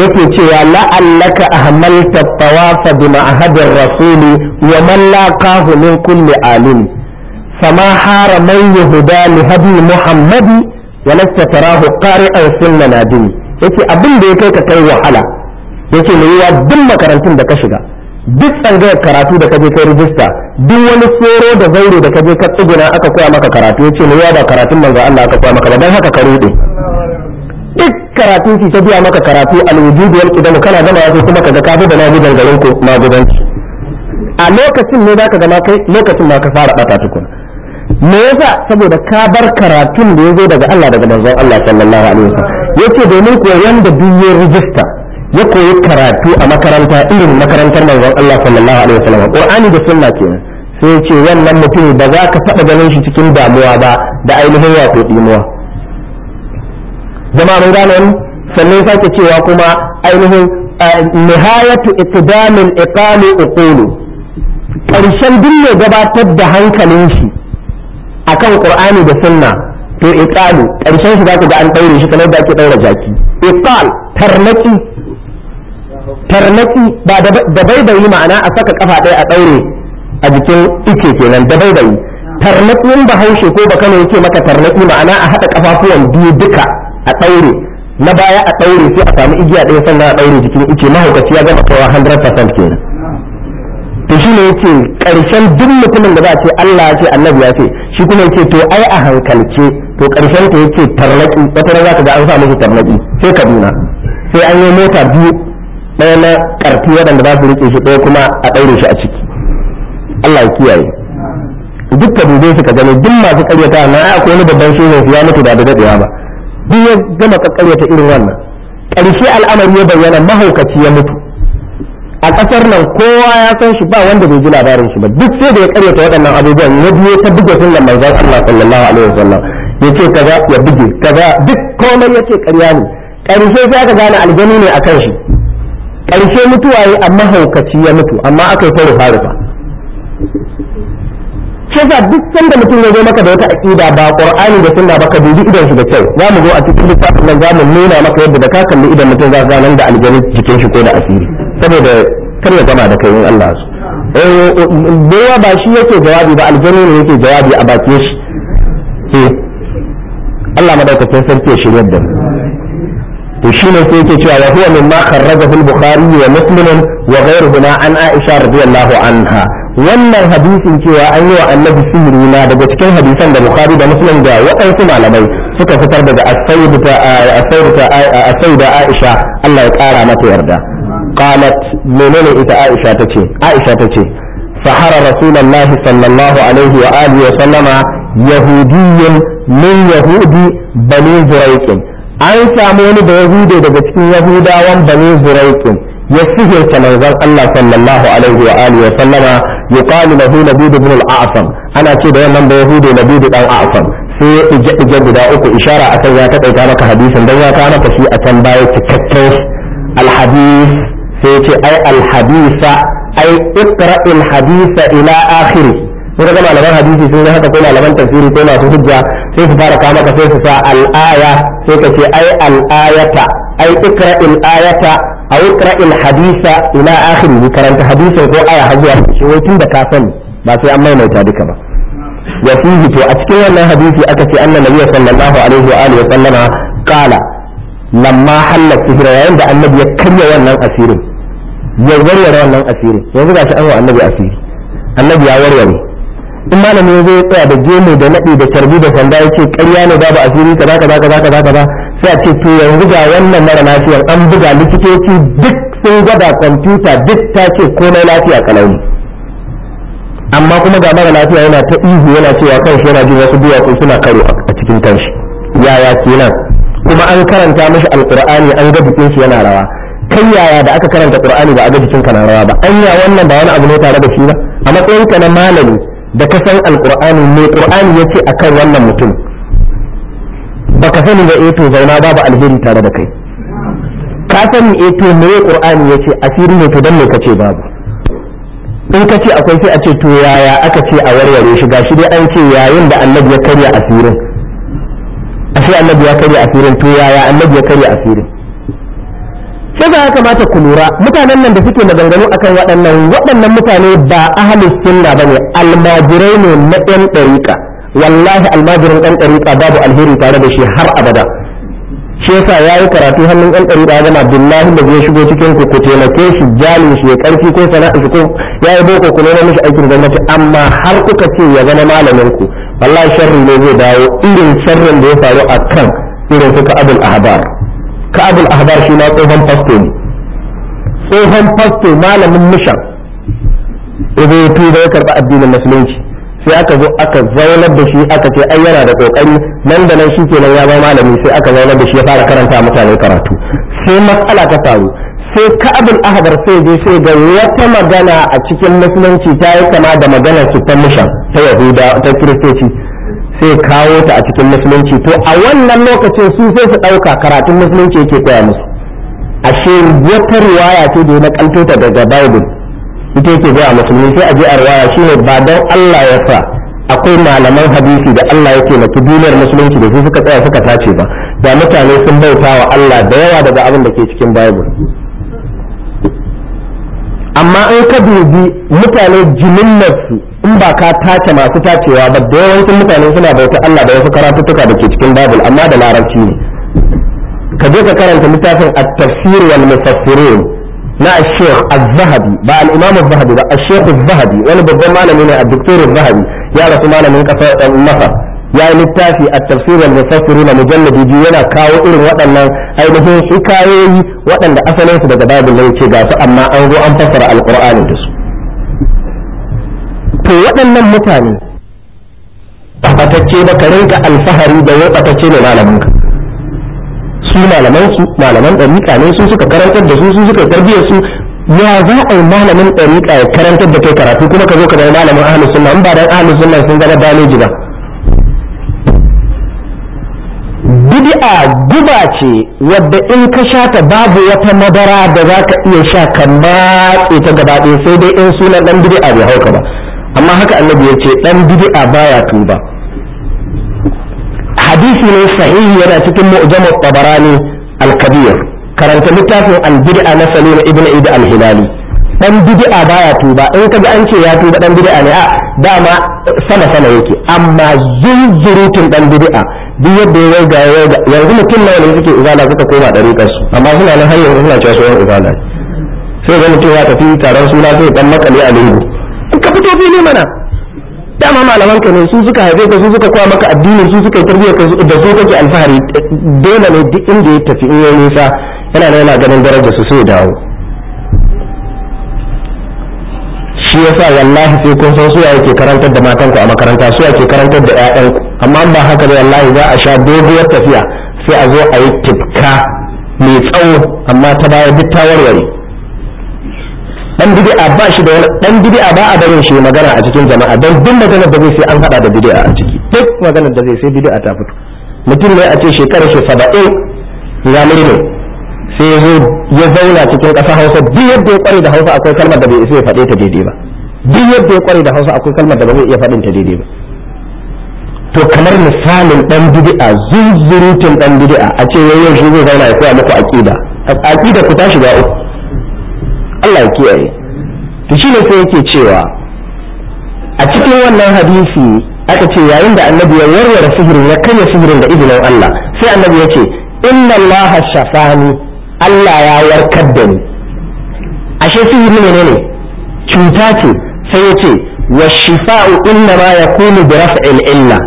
yake cewa la'allaka ahmalta tawafa bi ma'hadir rasuli wa man laqahu min kulli alim fama hara man yahuda li hadi muhammadi wa lasta tarahu qari'an sunna nadini yake abin da ya kai ka kai wahala yake ne yawa duk makarantun da ka shiga duk tsangayar karatu da kaje kai rijista duk wani tsoro da zauro da kaje ka tsuguna aka koya maka karatu yace ne ya ba karatun manzo Allah aka koya maka ba dan haka ka rude duk karatun ki ta biya maka karatu al-wujud wal qidam kana zama yace kuma kaga ka bi da na gudan garin ko na gudanci a lokacin ne zaka gama kai lokacin ma ka fara bata tukun me yasa saboda ka bar karatun da yazo daga Allah daga manzon Allah sallallahu alaihi wasallam yace domin koyon da duniyar rijista ya koyi karatu a makaranta irin makarantar manzon Allah sallallahu alaihi wasallam Qur'ani da sunna kenan sai ce wannan mutum ba za ka faɗa ganin shi cikin damuwa ba da ainihin wato dimuwa jama'a mun gane wani sannan sake cewa kuma ainihin nihayatu iqdamil iqami uqulu karshen duk mai gabatar da hankalin shi akan Qur'ani da sunna to iqalu karshen shi za ka ga an daure shi kamar da ake daura jaki iqal tarnaki tarnaki ba da baibayi ma'ana a saka kafa ɗaya a ɗaure a jikin ike kenan da baibayi tarnakin bahaushe ko ba kano yake maka tarnaki ma'ana a haɗa kafafuwan biyu duka a ɗaure na baya a ɗaure sai a samu igiya ɗaya sannan a ɗaure jikin ice mahaukaci ya gama kawa 100% kenan to shi ne yake ƙarshen duk mutumin da za a ce Allah ya ce annabi ya ce shi kuma yake to ai a hankalce to ƙarshen ta yake tarnaki wata ran za ka ga an sa musu tarnaki sai ka Kaduna sai an yi mota biyu ɗaya na ƙarfi waɗanda za su rike shi ɗaya kuma a ɗaure shi a ciki Allah ya kiyaye duk ka dube su ka gani duk masu ƙaryata na ai akwai wani babban shehu ya mutu da daɗe ba duk ya gama ƙaryata irin wannan ƙarshe al'amari ya bayyana mahaukaci ya mutu a ƙasar nan kowa ya san shi ba wanda bai ji labarin shi ba duk sai da ya ƙaryata waɗannan abubuwan ya biyo ta buga sunan manzon Allah sallallahu alaihi wasallam ce kaza ya buge kaza duk komai ce ƙarya ne ƙarshe sai ka gane aljanu ne a kan shi ƙarshe mutuwa yi amma haukaci ya mutu amma aka yi ta rufa rufa shi duk sanda mutum ya zo maka da wata aƙida ba ƙur'ani da sunna ba ka dubi idan shi da kyau za mu zo a cikin littafin nan za mu nuna maka yadda da ka kalli idan mutum za ga nan da aljanu jikin shi ko da asiri saboda kar ya gama da kai in Allah su bowa eh, eh, ba shi yake jawabi ba aljanu ne yake jawabi a bakin shi eh, Allah madaukakin sarki ya shirya da mu to shine sai yake cewa wa min mimma kharrajahu al-bukhari wa muslim wa ghayruhuma an aisha radiyallahu anha wannan hadisin cewa an yi wa annabi sihiri na daga cikin hadisan da bukhari da muslim da waɗansu malamai suka fitar daga asairu aisha allah ya ƙara mata yarda qalat menene ita aisha ta ce aisha sahara rasulullahi sallallahu alaihi wa alihi wa sallama yahudiyyin min yahudi an samu wani da ya bude daga cikin yahudawan bani zuraikin ya sihirta manzon Allah sallallahu alaihi wa alihi wa sallama yuqalu na nabid ibn al-a'sam ana ce da wannan da ya bude na nabid dan a'sam sai ya ije guda uku ishara a kan ya taƙaita maka hadisin don ya kawo maka shi a can baya cikakken al-hadith sai ce ai Alhadisa ai iqra al-hadisa ila akhirih sai ga malaman hadisi sun haka ko malaman tafsiri ko masu hujja sai su fara kama ka sai su sa al'aya sai ka ce ai al'ayata ai ikra al'ayata a ikra hadisa ila akhiri karanta hadisin ko aya har zuwa shi wai tun da ka sani ba sai an maimaita duka ba ya fihi to a cikin wannan hadisi aka ce annabi nabiyyu sallallahu alaihi wa alihi wa sallama qala lamma halla sihira yayin da annabi ya karya wannan asirin ya warware wannan asirin yanzu gashi an wa annabi asiri annabi ya warware in malami ya zai tsaya da gemu da naɗi da karbi da sanda ya ce ƙarya ne babu asiri kaza kaza kaza kaza kaza sai a ce to yanzu ga wannan mara lafiyar an buga likitoci duk sun gwada kwamfuta duk ta ce komai lafiya kalauni amma kuma ga mara lafiya yana ta ihu yana cewa kan shi yana jin wasu duwatsu suna karo a cikin kanshi yaya kenan kuma an karanta mashi Alƙur'ani an ga jikin shi yana rawa kai yaya da aka karanta qur'ani ba a ga jikin na rawa ba anya wannan ba wani abu ne tare da shi ba a matsayin ka na malami da ka san alqur'ani mai qur'ani yace akan wannan mutum baka sani da eto eh to zauna babu alheri tare da kai ka san eh eto me qur'ani yace asiri ne to dan me kace babu in kace akwai sai a ce to yaya aka ce a warware shi gashi dai an ce yayin da annabi ya karya asirin ashe annabi ya karya asirin to yaya annabi ya karya asirin sai ya kamata ku lura mutanen nan da suke maganganu akan waɗannan waɗannan mutane ba ahalus sunna ne almajirai ne na ɗan ɗariƙa wallahi almajirin ɗan ɗariƙa babu alheri tare da shi har abada shi yasa ya yi karatu hannun ɗan ɗariƙa ya gama abdullahi da zai shigo cikin ku ku taimake shi jali shi ya ƙarfi ko sana'a shi ko ya yi boko ku nema mishi aikin gwamnati amma har kuka ce ya zama malamin ku wallahi sharri ne zai dawo irin sharrin da ya faru a kan irin suka abul ahbar ka'abul ahbar shi ma tsohon fasto ne tsohon fasto malamin mishan idan ya ya karɓi addinin musulunci sai aka zo aka zaunar da shi aka ce ai yana da kokari nan da nan shi kenan ya ba malami sai aka zaunar da shi ya fara karanta mutane karatu sai matsala ta faru sai ka'abul ahbar sai je sai ga wata magana a cikin musulunci ta yi kama da maganar su ta mishan ta yahuda ta kiristoci sai kawo ta a cikin musulunci to a wannan lokacin su sai su ɗauka karatun musulunci yake koya musu ashe wata riwaya ce da na kalto ta daga bible ita yake zuwa musulmi sai a je a riwaya shine ba don Allah ya sa akwai malaman hadisi da Allah yake maki duniyar musulunci da su suka tsaya suka tace ba da mutane sun bauta wa Allah da yawa daga abin da ke cikin bible amma in ka dubi mutane jiminnar nasu in ba ka tace masu tacewa ba da yawancin mutane suna bauta Allah da wasu karatuttuka da ke cikin babul amma da larabci ne ka je ka karanta littafin at-tafsir wal mufassirin na sheikh az-zahabi ba al-imam az-zahabi ba al-sheikh az-zahabi wani babban malami ne a doktor az-zahabi ya rasu malamin kasar Masar ya yi littafi a tafsir wal na mujalladi biyu yana kawo irin waɗannan ainihin hikayoyi waɗanda asalinsu daga babu ne ce ga su amma an zo an fassara al da su to waɗannan mutane tabbatacce ba ka rinka alfahari da ya ɓatacce ne malaminka su malaman su malaman ɗariƙa ne su suka karantar da su su suka karbiya su ya za a yi malamin ɗariƙa ya karantar da kai karatu kuma ka zo ka zama malamin ahalus sunna in ba dan ahalus sunna sun zama daleji ba bid'a guba ce wadda in ka sha ta babu wata madara da za ka iya sha ka matse ta gaba ɗaya sai dai in sunan ɗan bid'a bai hauka ba amma haka annabi ya ce dan bid'a baya tuba hadisi ne sahihi yana cikin mu'jam tabarani al-kabir karanta littafin al-bid'a na salim ibn id al-hilali dan bid'a baya tuba in kaga an ce ya tuba dan bid'a ne a dama sama sama yake amma zunzurutin dan bid'a duk yadda ya ga ya ga yanzu mutum nawa ne suke izala suka koma dariƙar su amma suna nan har yanzu suna cewa su yan izala sai ga mutum ya tafi taron suna sai dan makali a lungu fito fili mana dama malaman ka ne su suka haife ka su suka kwa maka addini su suka yi ka da su kake alfahari dole ne duk inda ya tafi in yayi nisa yana da yana ganin darajar su sai dawo shi yasa wallahi sai kun san su yake karantar da matan ku a makaranta su yake karantar da ƴaƴan ku amma ba haka ne wallahi za a sha doguwar tafiya sai a zo a yi tifka mai tsawo amma ta baya duk ta warware dan bid'a ba shi da dan bid'a ba a barin shi magana a cikin jama'a dan duk magana da zai sai an hada da bid'a a ciki duk magana da zai sai bid'a ta fito mutum ne a ce shekarar shi 70 ya ne sai ya zo ya zauna cikin ƙasa Hausa duk yadda ya kware da Hausa akwai kalmar da bai isa ya ta daidai ba duk yadda ya kware da Hausa akwai kalmar da ba zai iya fadin ta daidai ba to kamar misalin dan bid'a zunzurutun dan bid'a a ce yayin shi zai zauna ya koya muku aqida aqida ku ta shiga uku Allah ya kiyaye to shine sai yake cewa a cikin wannan hadisi aka ce yayin da annabi ya warware sihirin ya kanya sihirin da izinin Allah sai annabi ya ce inna Allah shafani Allah ya warkar da ni ashe sihiri ne ne cuta ce sai ya ce wa shifa'u inna ma yakunu bi raf'il illa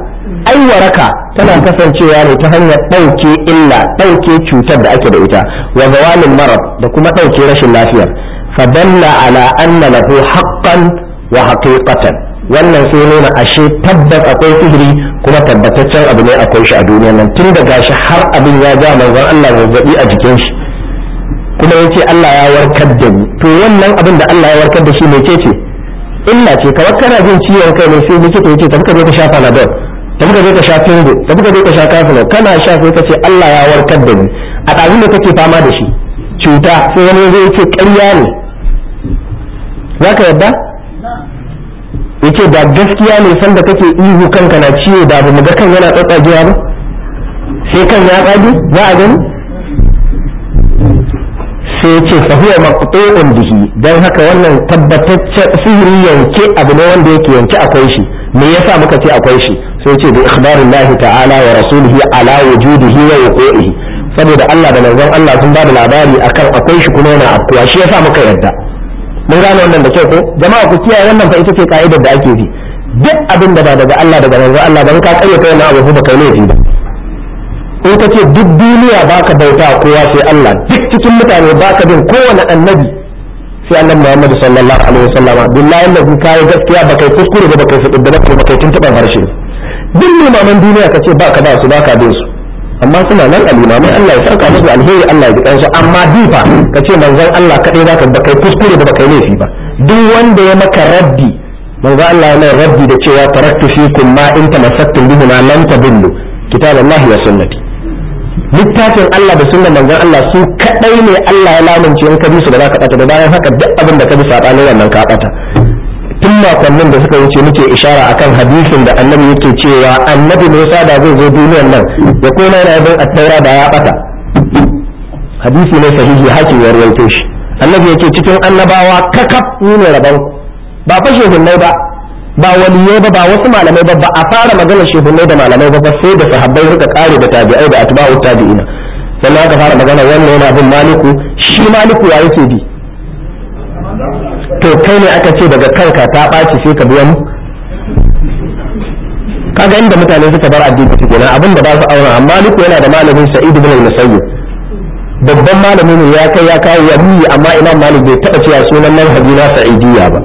ai waraka tana kasancewa ne ta hanyar ɗauke illa ɗauke cutar da ake da ita wa zawalin marar da kuma ɗauke rashin lafiyar fadalla ala anna lahu haqqan wa wannan sai nuna ashe tabbas akwai sihiri kuma tabbataccen abu ne akwai shi a duniya tun da gashi har abin ya ja manzon Allah zazzabi a jikin shi kuma yace Allah ya warkar da ni to wannan abin da Allah ya warkar da shi mece ce illa ce kamar kana jin ciwon kai ne sai likita yace tafi ka je ka sha panadol tafi ka je ka sha tafi ka je ka sha kana sha sai ka ce Allah ya warkar da ni a da kake fama da shi cuta sai wani zai ce ƙarya ne za ka yadda ce da gaskiya ne sanda take ihu kanka na ciwo da abu mu ga kan yana tsatsagewa ba sai kan ya tsage za a gani sai ya ce fahiya maqtu'un bihi Don haka wannan tabbataccen sihiri yanke abu ne wanda yake yanke akwai shi me yasa muka ce akwai shi sai ya ce ikhbarin lahi ta'ala wa rasulihi ala wujudihi wa wuqu'ihi saboda Allah da manzon Allah sun ba da labari akan akwai shi kuma yana afkuwa shi yasa muka yadda. mun gane wannan da kyau ko jama'a ku kiyaye wannan fa ita ce ka'idar da ake bi duk abin da ba daga Allah daga manzo Allah ban ka kai kai na abu ba kai ne ba in ka ce duk duniya baka bauta kowa sai Allah duk cikin mutane baka bin kowane annabi sai annabi Muhammad sallallahu alaihi wasallam billahi ka yi gaskiya ba kai kuskure ba kai fadi ba kai tuntuban harshe duk limaman duniya ka ce baka ba su baka bin su amma suna nan alimamai Allah ya saka musu alheri Allah ya ji kansu amma difa ka ce manzon Allah kaɗai za ka kai kuskure ba kai laifi ba duk wanda ya maka rabbi manzon Allah ya mai rabbi da cewa taraktu fikum ma in tamassaktum bihi ma lam tadillu kitaballahi wa sunnati littafin Allah da sunnar manzon Allah su kaɗai ne Allah ya lamunce in ka bi su da za ka bata da bayan haka duk abin da ka bi sabanin wannan ka bata tun makonnin da suka wuce muke ishara akan hadisin da annabi yake cewa annabi Musa da zai zo duniyar nan da ko na yana bin taura da ya bata hadisi ne sahihi haƙi ya rawaito shi annabi yake cikin annabawa kakaf ni ne rabon ba fa shehunnai ba ba waliyai ba ba wasu malamai ba ba a fara maganar shehunnai da malamai ba sai da sahabbai suka kare da tabi'ai da atba'u tabi'ina sannan aka fara magana wannan yana bin maliku shi maliku ya yake bi to kai ne aka ce daga kanka ta ɓaci sai ka bi mu kaga inda mutane suka bar addini su kenan abinda ba su aura amma liku yana da malamin sa'idu bin al-musayyib babban malami ne ya kai ya kawo ya yi amma imam malik bai taba cewa sunan nan na sa'idiyya ba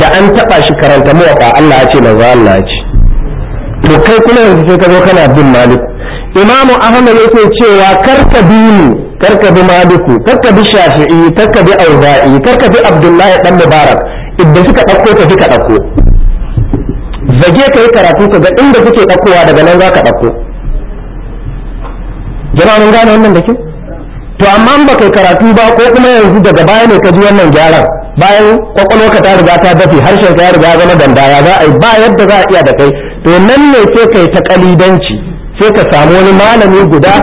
da an taba shi karanta muwafa Allah ya ce manzo Allah ya ce to kai kuma yanzu sai ka zo kana bin malik imamu ahmad yake cewa karka bi ni karka bi maliku karka bi shafi'i karka bi auza'i karka bi abdullahi dan mubarak idan suka dauko ka duka dauko zage ka yi karatu ka ga inda kuke daukowa daga nan zaka dauko jama'a mun gane wannan da ke to amma ba baka karatu ba ko kuma yanzu daga baya ne ka ji wannan gyaran bayan ka ta riga ta dafi harshen ka ya riga zama dandara za a yi ba yadda za a iya da kai to nan ne sai kai ta kalidanci sai ka samu wani malami guda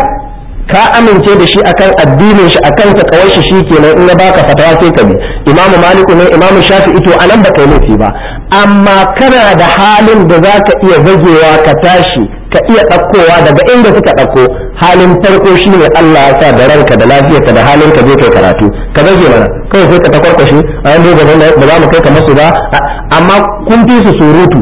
ka amince da shi akan addinin shi akan kawai shi shikenan in ya baka fatawa sai ka bi imamu maliku ne imamu shafi'i to anan ba kai laifi ba amma kana da halin da zaka iya zagewa ka tashi ka iya ɗaukowa daga inda suka ɗauko halin farko shine Allah ya sa da ranka da lafiyarka da halin ka je kai karatu ka zage mana kawai sai ka takwarkwashe a yanzu ba za mu kai ka masu ba amma kun fi su surutu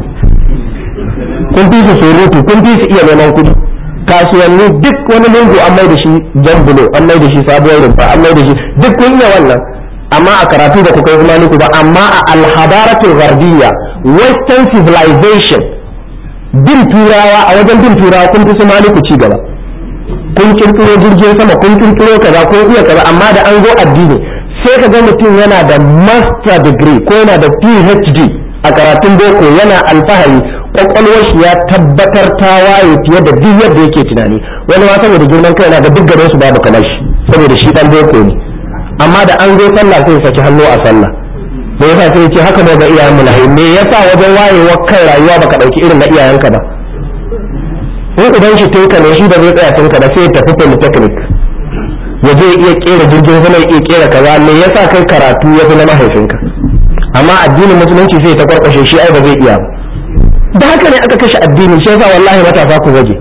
kun fi su surutu kun fi su iya neman kudi kasuwanni duk wani lungu an mai da shi jan bulo an mai da shi sabuwar rumfa an mai da shi duk kun yi wannan amma a karatu da kuka yi kuma ku ba amma a alhadaratu gardiya western civilization bin turawa a wajen bin turawa kun fi su ku ci gaba kun kirkiro jirgin sama kun kirkiro kaza kun iya kaza amma da an zo addini sai ka ga mutum yana da master degree ko yana da phd a karatun boko yana alfahari kwakwalwar shi ya tabbatar ta waye fiye da duk yadda yake tunani wani ma saboda girman kai na ga duk garin su babu kamar shi saboda shi dan boko ne amma da an zo sallah sai saki hannu a sallah me yasa sai ce haka ba ga iyayen mulhai me yasa wajen wayewar kan rayuwa baka dauki irin na iyayenka ba in idan shi tunka ne shi ba zai tsaya tunka ba sai ya tafi polytechnic ya je iya kera jirgin sama ya iya kera kaza me yasa kai karatu ya fi na mahaifinka amma addinin musulunci sai ta kwarkashe shi ai ba zai iya ba da haka ne aka kashe addinin shi yasa wallahi matasa ku waje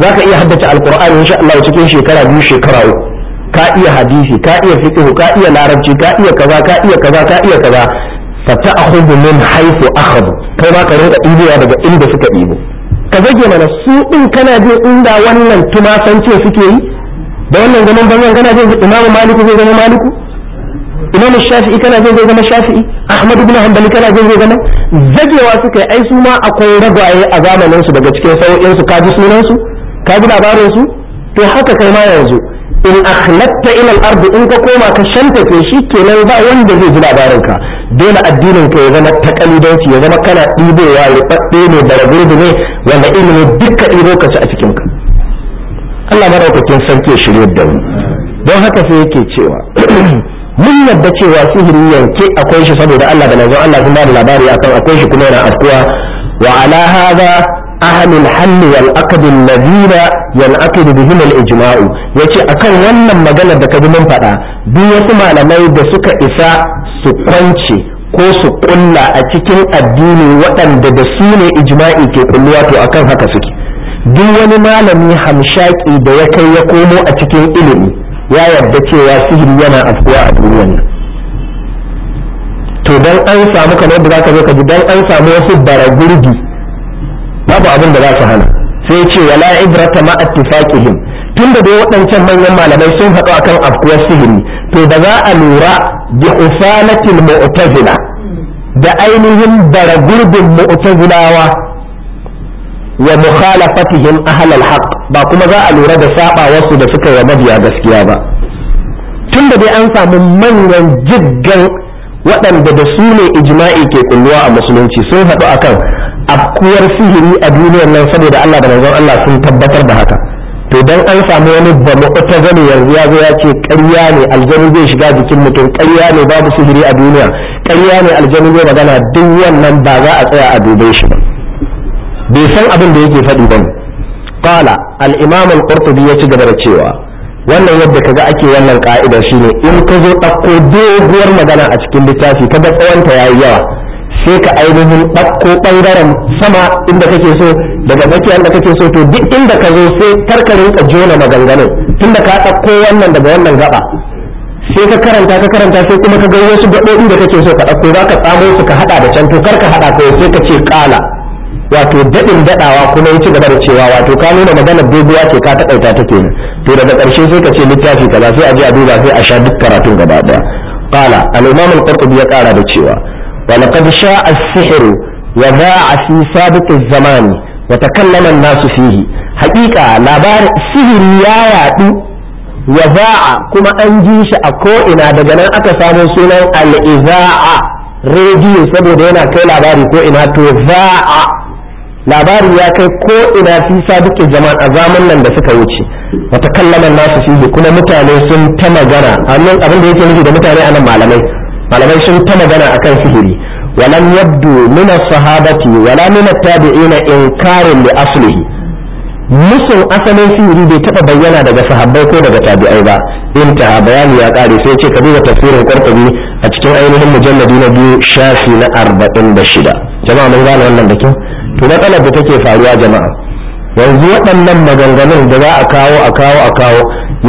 ka iya haddace alkurani insha Allah cikin shekara biyu shekara uku ka iya hadisi ka iya fiqh ka iya larabci ka iya kaza ka iya kaza ka iya kaza fata'khudhu min haythu akhadhu kai ma ka rinka ɗibewa daga inda suka ɗibo ka zage mana su din kana jin inda wannan tumasance suke yi da wannan zaman banzan kana jin imamu maliku zai zama maliku imam shafi'i kana zai zai zama shafi'i ahmad ibn hanbali kana zai zai zama zagewa suka yi ai su ma akwai ragwaye a zamanin su daga cikin sau'in su kaji sunan su kaji labarin su to haka kai ma yanzu in akhlatta ila al-ard in ka koma ka shanta ke shi nan ba wanda zai ji labarin ka dole addinin ka ya zama takalidanci ya zama kana ɗibowa rubabbe ne da ragurbi ne wanda ilimi dukka ɗibo ka ci a cikin ka Allah madaukakin sarki ya shirye da mu don haka sai yake cewa mun yadda cewa sihiri yanke akwai shi saboda Allah da nazo Allah kuma da labari akan akwai shi kuma yana afkuwa wa ala hadha aqd al-ladina الذين bihim al-ijma'u yace akan wannan maganar da kaji mun faɗa duk wasu malamai da suka isa su kwance ko su kulla a cikin addini waɗanda da su ne ijma'i ke kulluwa to akan haka suke duk wani malami hamshaki da ya kai ya komo a cikin ilimi ya yarda cewa sihiri yana afkuwa a duniyar nan to dan an samu kamar yadda zaka zo ka ji dan an samu wasu baragurgi babu abin da za su hana sai ce wala ibrata ma attifaqihim tunda dai waɗancan manyan malamai sun haɗu akan afkuwar sihiri to da za a lura bi usalatil mu'tazila da ainihin bara gurbin mu'tazilawa wa mukhalafatihim ahlal haqq ba kuma za a lura da saba wasu da suka yi mabiya gaskiya ba tun da dai an samu manyan jiggan waɗanda da su ne ijma'i ke kulluwa a musulunci sun haɗu akan afkuwar sihiri a duniyar nan saboda Allah da manzon Allah sun tabbatar da haka to don an samu wani ba ta zane yanzu ya zo ya ce ƙarya ne aljanu zai shiga jikin mutum karya ne babu sihiri a duniya Karya ne aljanu zai magana duk wannan ba za a tsaya a dube shi ba bai san abin da yake faɗi ba ne qala al-imam al-qurtubi ya ci gaba cewa wannan yadda kaga ake wannan ka'idar shine in ka zo ɗauko doguwar magana a cikin littafi kaga tsawonta yayi yawa sai ka ainihin ɗakko ɓangaren sama inda kake so daga tsakiyar da kake so to duk inda ka zo sai karka rinka jona maganganun tunda ka ɗakko wannan daga wannan gaba sai ka karanta ka karanta sai kuma ka ga wasu gaɓoɓi da kake so ka ɗakko za ka tsamo su ka haɗa da can to kar ka haɗa kawai sai ka ce ƙala wato daɗin daɗawa kuma ya ci gaba da cewa wato ka nuna maganar doguwa ce ka taƙaita ta kenan to daga ƙarshe sai ka ce littafi kaza sai a je a duba sai a sha duk karatun gaba ɗaya qala al-imam al-qurtubi ya ƙara da cewa wa laqad sha'a as-sihru wa za'a fi sabiq az-zaman wa takallama an-nasu fihi haƙiƙa labarin sihiri ya yaɗu wa za'a kuma an ji shi a ina daga nan aka samo sunan al-iza'a rediyo saboda yana kai labari ko ina to za'a labari ya kai ko ina fi sabiqi zaman a zaman nan da suka wuce wata kallaman nasu fihi kuma mutane sun ta magana annon abin da yake nufi da mutane anan malamai malamai sun ta magana akan sihiri walam yabdu min as-sahabati wala min at-tabi'ina karin li aslihi musun asalin sihiri bai taba bayyana daga sahabbai ko daga tabi'ai ba inta bayani ya kare sai ce ka duba tafsirin qurtubi a cikin ainihin mujalladi na biyu shafi na 46 jama'a mun gane wannan da kyau to matsalar da take faruwa jama'a yanzu waɗannan maganganun da za a kawo a kawo a kawo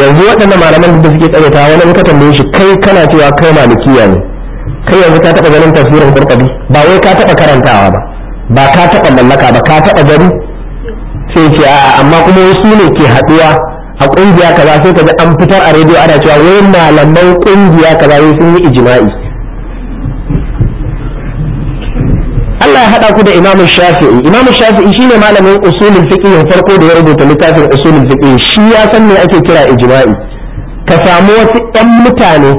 yanzu waɗannan malaman da suke ta wani in ka tambaye shi kai kana cewa kai malikiya ne kai yanzu ka taɓa ganin tafsirin qur'ani ba wai ka taɓa karantawa ba ba ka taɓa mallaka ba ka taɓa gari sai ce a'a amma kuma wasu ne ke haɗuwa a ƙungiya kaza sai ka ji an fitar a rediyo ana cewa wai malaman ƙungiya kaza sun yi ijma'i Allah ya hada ku da Imam Shafi'i Imam Shafi'i shine malamin usulul fiqh farko da ya rubuta littafin usulul fiqh shi ya san me ake kira ijma'i ka samu wasu ɗan mutane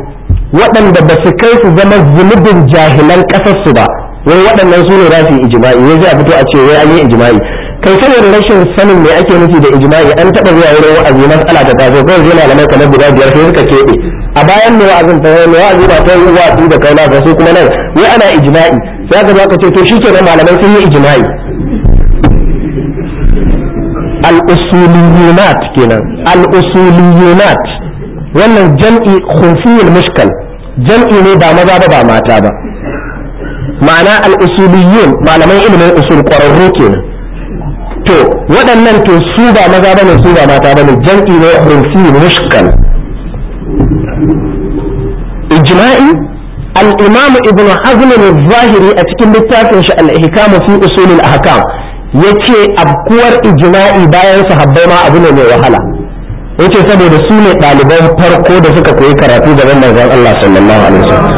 waɗanda ba su kai su zama zunubin jahilan ƙasarsu ba wai waɗannan su ne za su yi ijma'i wai zai fito a ce wai an yi ijma'i kai saboda rashin sanin me ake nufi da ijma'i an taɓa zuwa wurin wa'azi mas'ala ta tazo kai zai malamai kamar guda biyar sai suka keɓe a bayan mai wa'azin ta mai wa'azi ba ta yi wa'azi da kaula ba su kuma nan wai ana ijma'i ya gaba ka ce to shi kenan malamai sun yi ijimai al'usuliyunat usuliyunat kenan al'usuliyunat wannan jam'i khufiyul mushkal jam'i ne ba maza ba ba mata ba ma'ana al'usuliyun usuliyun malaman ilimin usul kwararru kenan to waɗannan to su ba maza ba ne su ba mata ba ne jam'i ne khufiyul mushkal ijma'i al-imam ibn hazm zahiri a cikin littafin shi al-ihkam fi usul ahkam yace abkuwar ijma'i bayan sahabbai ma abu ne mai wahala yace saboda su ne ɗaliban farko da suka koyi karatu daban manzon Allah sallallahu alaihi wasallam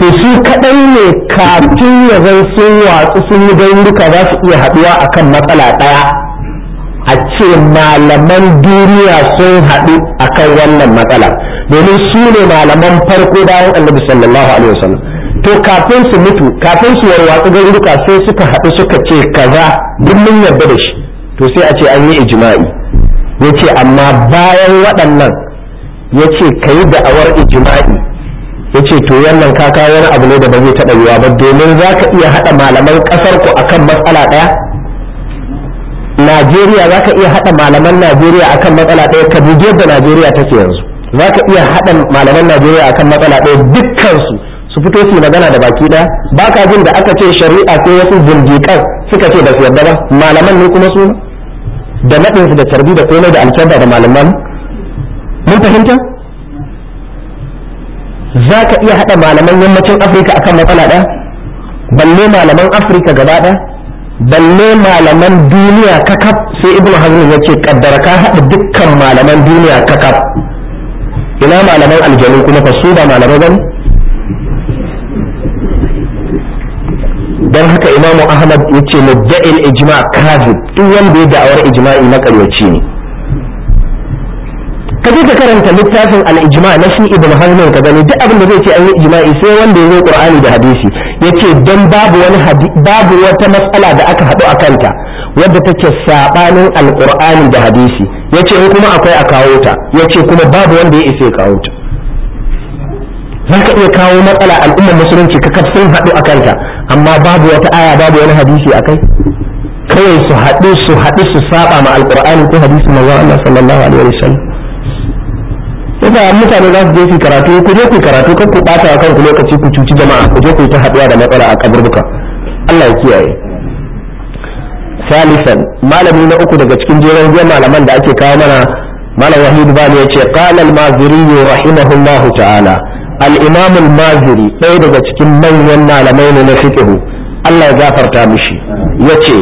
to su kaɗan ne kafin ya zan sun watsu sun yi gairuka za su iya haɗuwa akan matsala ɗaya a ce malaman duniya sun haɗu akan wannan matsalar domin su ne malaman farko bayan annabi sallallahu alaihi wasallam to kafin su mutu kafin su warwatsu garuruka sai suka haɗu suka ce kaza duk mun yarda da shi to sai a ce an yi ijma'i yace amma bayan waɗannan yace da awar ijma'i yace to wannan ka kawo wani abu ne da ba zai taɓa yiwa ba domin za ka iya haɗa malaman ƙasar ku akan matsala ɗaya Najeriya za ka iya haɗa malaman Najeriya akan matsala ɗaya ka dubi yadda Najeriya take yanzu za ka iya haɗa malaman najeriya akan matsala ɗaya dukkansu su fito su magana da baki ɗaya ba ka jin da aka ce shari'a ko wasu zindiƙan suka ce da su yarda ba malaman ne kuma su da naɗinsu da tarbi da komai da alkyanda da malaman mun fahimta za ka iya haɗa malaman yammacin afirka akan matsala ɗaya balle malaman afirka gaba ɗaya balle malaman duniya kakaf sai Ibnu hazm ya ce kaddara ka haɗa dukkan malaman duniya kakaf ina malaman aljanu kuma fa su ba malamai bane don haka imamu ahmad ya ce mudda'il ijma' kazib duk wanda ya da'awar ijma'i ƙaryace ne ka je ka karanta littafin al-ijma na shi ibn hazm ka gani duk abin da zai ce an yi ijma'i sai wanda ya zo qur'ani da hadisi yace dan babu wani babu wata matsala da aka hadu akanta wadda take sabanin al-qur'ani da hadisi yace in kuma akwai a kawo ta yace kuma babu wanda ya isa ya kawo ta zaka iya kawo matsala al'ummar musulunci ka sun hadu akanta amma babu wata aya babu wani hadisi akai kawai su haɗu su haɗu su saba ma alƙur'ani ko hadisi manzon Allah sallallahu alaihi wasallam kusa mutane za su je su karatu ku je ku karatu kar ku bata kan ku lokaci ku cuci jama'a ku je ku ta haɗuwa da matsala a kaburbuka Allah ya kiyaye salisan malami na uku daga cikin jeran jiya malaman da ake kawo mana malam wahid bani ya ce qala al-maziri rahimahullah ta'ala al-imam al-maziri ɗaya daga cikin manyan malamai ne na fiqh Allah ya gafarta mishi yace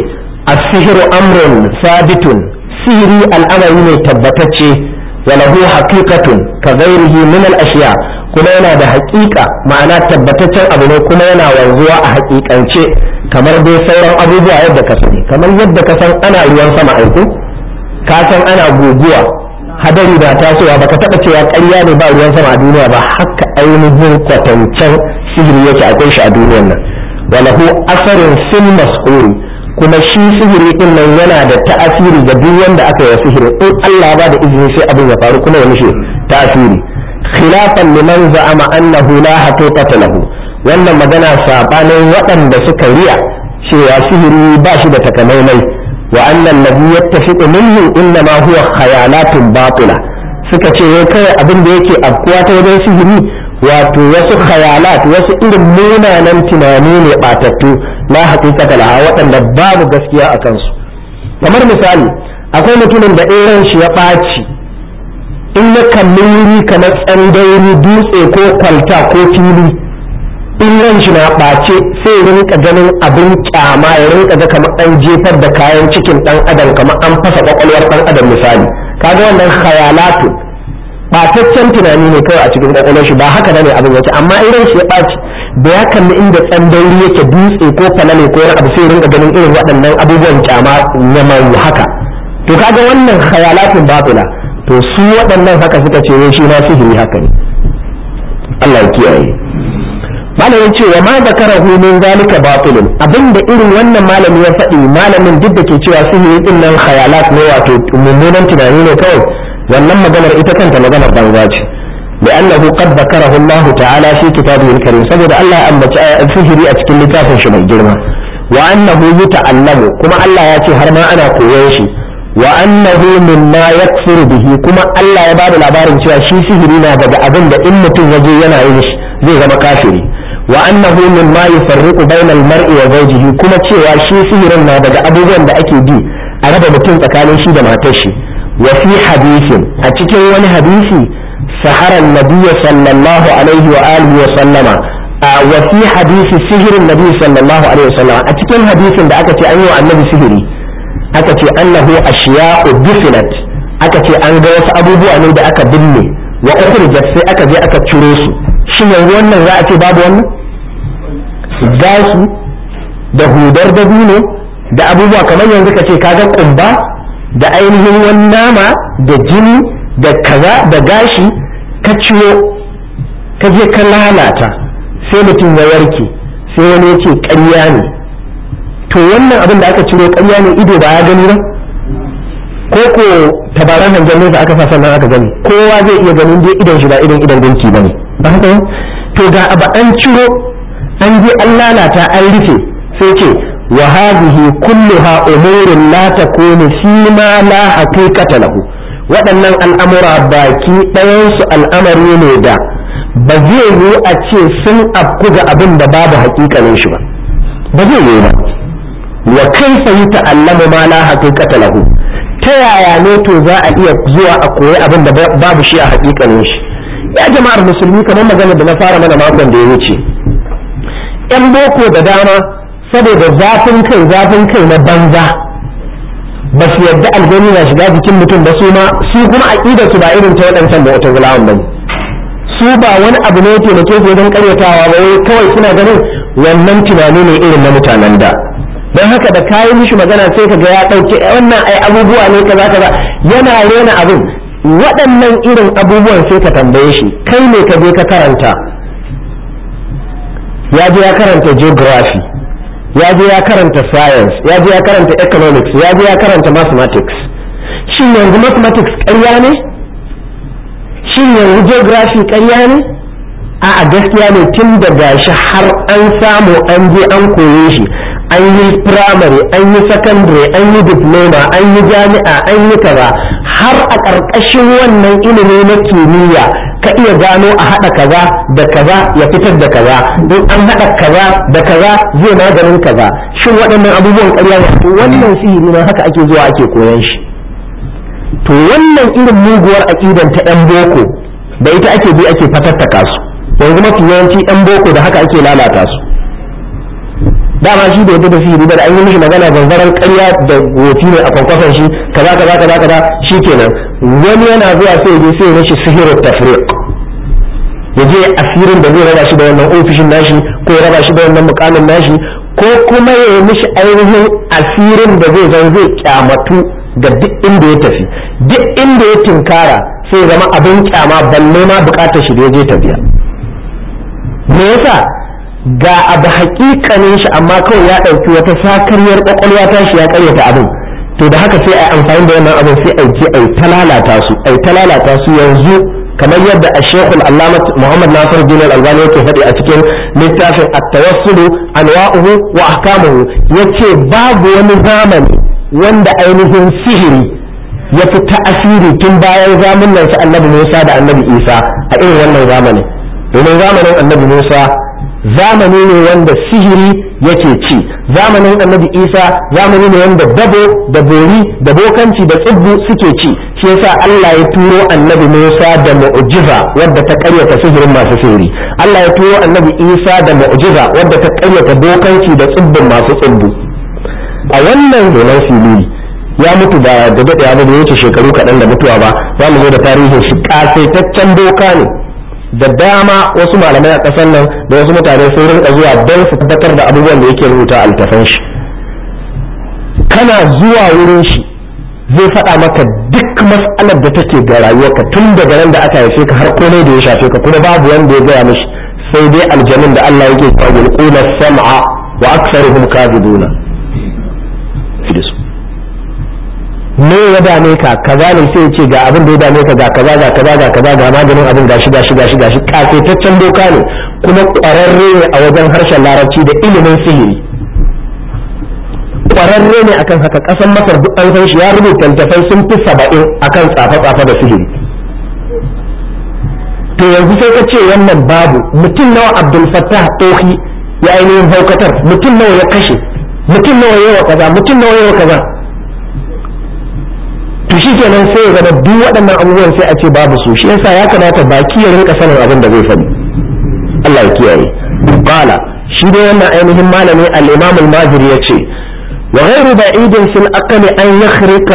as-sihru amrun sabitun sihiri al'amari ne tabbatacce walahu haqiqatun ka ghairihi min al-ashiya kuma yana da haƙiƙa ma'ana tabbataccen abu ne kuma yana wanzuwa a haƙiƙance kamar dai sauran abubuwa yadda ka sani kamar yadda ka san ana ruwan sama aiko ka san ana guguwa hadari na tasowa baka taba cewa karya ne ba ruwan sama a duniya ba haka ainihin kwatancen sihiri yake akwai shi a duniyar nan walahu asarin fil mas'ul kuma shi sihiri din nan yana da ta'asiri ga duk wanda aka yi sihiri in Allah ba da izini sai abin ya faru kuma ya mishi ta'asiri khilafan liman za'ama annahu la haqiqata lahu wannan magana sabanin waɗanda suka riya cewa sihiri ba shi da takamaimai wa annan nabi yattafiqu minhu inna ma huwa khayalatun batila suka ce ya kai abin da yake afkuwa ta wajen sihiri wato wasu khayalat wasu irin munanan tunani ne batattu na haƙiƙatar a waɗanda babu gaskiya a kansu kamar misali akwai mutumin da irin shi ya ɓaci in ya kalli wuri kamar tsandauri dutse ko kwalta ko fili in ran shi na ɓace sai rinka ganin abin kyama ya rinka ga kamar an jefar da kayan cikin ɗan adam kamar an fasa ƙwaƙwalwar ɗan adam misali kaga wannan khayalatu ɓataccen tunani ne kawai a cikin kwakwalwar shi ba haka bane abin wace. amma irin shi ya ɓaci da ya kalli inda tsandauri yake dutse ko falale ko wani abu sai rinka ganin irin waɗannan abubuwan kyama na mai haka to kaga wannan khayalatin batula to su waɗannan haka suka ce shi na sihiri haka ne Allah ya kiyaye malamin ce wa ma kara hunin zalika batilun abinda irin wannan malamin ya faɗi malamin duk da ke cewa sihiri din nan khayalat ne wato mummunan tunani ne kawai wannan maganar ita kanta maganar banza ce لأنه قد ذكره الله تعالى في كتابه الكريم سجد الله أن سهري أتكلم لتافه شبه جرمه وأنه يتعلم كما الله يأتي هرما أنا قويشي وأنه مما يكفر به كما الله يبار العبار سوى شي سهرنا بدا أبن إن تزجينا إيش زي غم كافري وأنه مما يفرق بين المرء وزوجه كما تشوى شي سهرنا بدا أبو زين بأكي دي أنا بمتين تكالي شي دماتشي wa fi a cikin wani hadisi sahara nabiyyu sallallahu alaihi wa wa sallama wa fi hadisi sihirin nabiyyu sallallahu alaihi wa sallama a cikin hadisin da aka ce an yi wa annabi sihiri aka ce annahu ashiya'u dufinat aka ce an ga wasu abubuwa ne da aka binne wa ukhrijat sai aka je aka cire su shin yanzu wannan za a ce babu wannan gasu da hudar dabino da abubuwa kamar yanzu ka ce ka ga kumba da ainihin wani nama da jini da kaza da gashi ka ciwo ka je ka lalata sai mutum ya warke sai wani yake ƙarya ne to wannan abin da aka ciro ƙarya ne ido ba ya gani ba ko ko tabaran hangen nesa aka sa sannan aka gani kowa zai iya ganin dai idan shi ba idan idan gunki bane ba haka to ga abu an ciro an je an lalata an rufe sai ce وهذه كلها أمور لا تكون ma لا حقيقة lahu. waɗannan al'amura baki ɗayansu al'amari ne da ba zai yi a ce sun afku ga abin da babu haƙiƙanin shi ba ba zai yi ba wa kaifa yi ta'allamu ma la haqiqata lahu ta yaya ne to za a iya zuwa a koyi abin da babu shi a haƙiƙanin shi ya jama'ar musulmi kamar magana da na fara mana makon da ya wuce yan boko da dama saboda zafin kai zafin kai na banza ba su yadda algoni na shiga jikin mutum ba su ma su kuma aƙida su ba irin ta waɗancan da wata gulawan ba su ba wani abu ne ke mace ke don karyatawa ba wai kawai suna ganin wannan tunani ne irin na mutanen da don haka da kayi mishi magana sai ka ga ya ɗauke eh, wannan ai abubuwa ne kaza kaza yana rena abin waɗannan irin abubuwan sai ka tambaye shi kai ne ka je ka karanta ya je ya karanta geography ya je ya karanta science ya je ya karanta economics ya je ya karanta mathematics shin yanzu mathematics ƙarya ne shin yanzu geography ƙarya ne a a gaskiya ne tun daga shi har an samu an je an koye shi an yi primary an yi secondary an yi diploma an yi jami'a an yi kaza har a ƙarƙashin wannan ilimi na kimiyya ka iya gano a haɗa kaza da kaza ya fitar da kaza in an haɗa kaza da kaza zai maganin kaza shin waɗannan abubuwan ƙarya ne to wannan sihiri ne haka ake zuwa ake koyan shi to wannan irin muguwar aƙidan ta ɗan boko da ita ake bi ake fatattaka su yanzu mafi yawanci ɗan boko da haka ake lalata su dama shi da yadda da sihiri da an yi mishi magana zanzaran ƙarya da goti ne a kwankwason shi kaza kaza kaza kaza shi kenan wani yana zuwa sai ya je sai ya mishi sihirin tafriq ya je asirin da zai raba shi da wannan ofishin nashi ko ya raba shi da wannan mukamin nashi ko kuma ya yi mishi ainihin asirin da zai zan zai kyamatu da duk inda ya tafi duk inda ya tinkara sai zama abin kyama balle ma bukatar shi da ya je ta biya me yasa ga abu hakikanin shi amma kawai ya ɗauki wata sakaryar ƙwaƙwalwa ta shi ya ƙaryata abin to da haka sai a yi amfani da wannan abin sai a je a yi ta lalata su a yi ta lalata su yanzu kamar yadda a shekul allama muhammad Nasiru din albani yake faɗi a cikin littafin attawassulu tawassulu anwa'uhu wa ahkamuhu yace babu wani zamani wanda ainihin sihiri ya fi ta'asiri tun bayan zamanin su annabi Musa da annabi Isa a irin wannan zamani domin zamanin annabi Musa zamani ne wanda sihiri yake ci zamanin annabi Isa zamani ne wanda dabo da bori da bokanci da tsibbu suke ci shi yasa Allah ya turo annabi Musa da mu'jiza wadda ta karyata sihirin masu sihiri Allah ya turo annabi Isa da mu'jiza wadda ta karyata dokanci da tsibbin masu tsibbu a wannan gonar filili ya mutu ba da daɗe ya mutu yace shekaru kaɗan da mutuwa ba za mu zo da tarihin shi kasaitaccen doka ne da dama wasu malamai a ƙasar nan da wasu mutane sun rinka zuwa don su tabbatar da abubuwan da yake rubuta a shi kana zuwa wurin shi zai faɗa maka duk matsalar da take ga rayuwarka tun daga ran da aka haife ka har komai da ya shafe ka kuma babu wanda ya gaya mishi sai dai aljanun da Allah yake cewa yulquna sam'a wa aktsaruhum kadhibuna me ya dame ka kaza ne sai ya ce ga abin da ya dame ka ga kaza ga kaza ga kaza ga maganin abin gashi gashi gashi gashi kafetaccen doka ne kuma ƙwararre ne a wajen harshen larabci da ilimin sihiri kwararre ne akan haka kasan masar duk an san shi ya rubuta littafai sun fi saba'in akan tsafa tsafa da sihiri to yanzu sai ka ce wannan babu mutum nawa abdul fattah tohi ya ainihin haukatar mutum nawa ya kashe mutum nawa yawa kaza mutum nawa yawa kaza to shi kenan sai ya zama duk waɗannan abubuwan sai a ce babu su shi yasa ya kamata baki ya rinka sanin abin da zai faɗi Allah ya kiyaye qala shi dai wannan ainihin malami al-imam al-maziri yace وغير بعيد في الأقل أن يخرق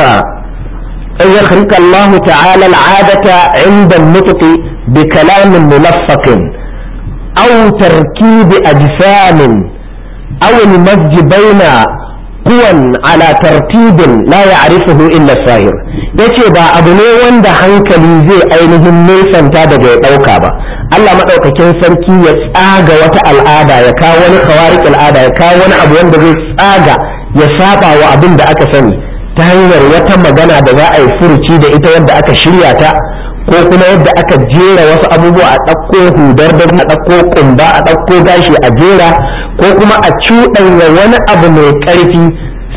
أن يخرق الله تعالى العادة عند النطق بكلام ملفق أو تركيب أجسام أو المزج بين قوى على ترتيب لا يعرفه إلا الساهر yace ba abu ne wanda hankali zai ainihin nesanta daga ya ɗauka ba Allah maɗaukakin sarki ya tsaga wata al'ada ya kawo wani kawarik al'ada ya kawo wani abu wanda zai tsaga ya saba wa abin da aka sani ta hanyar wata magana da za a yi furuci da ita yadda aka shirya ta ko kuma yadda aka jera wasu abubuwa a ɗakko hudar da a ɗakko kumba a ɗakko gashi a jera ko kuma a cuɗanya wani abu mai ƙarfi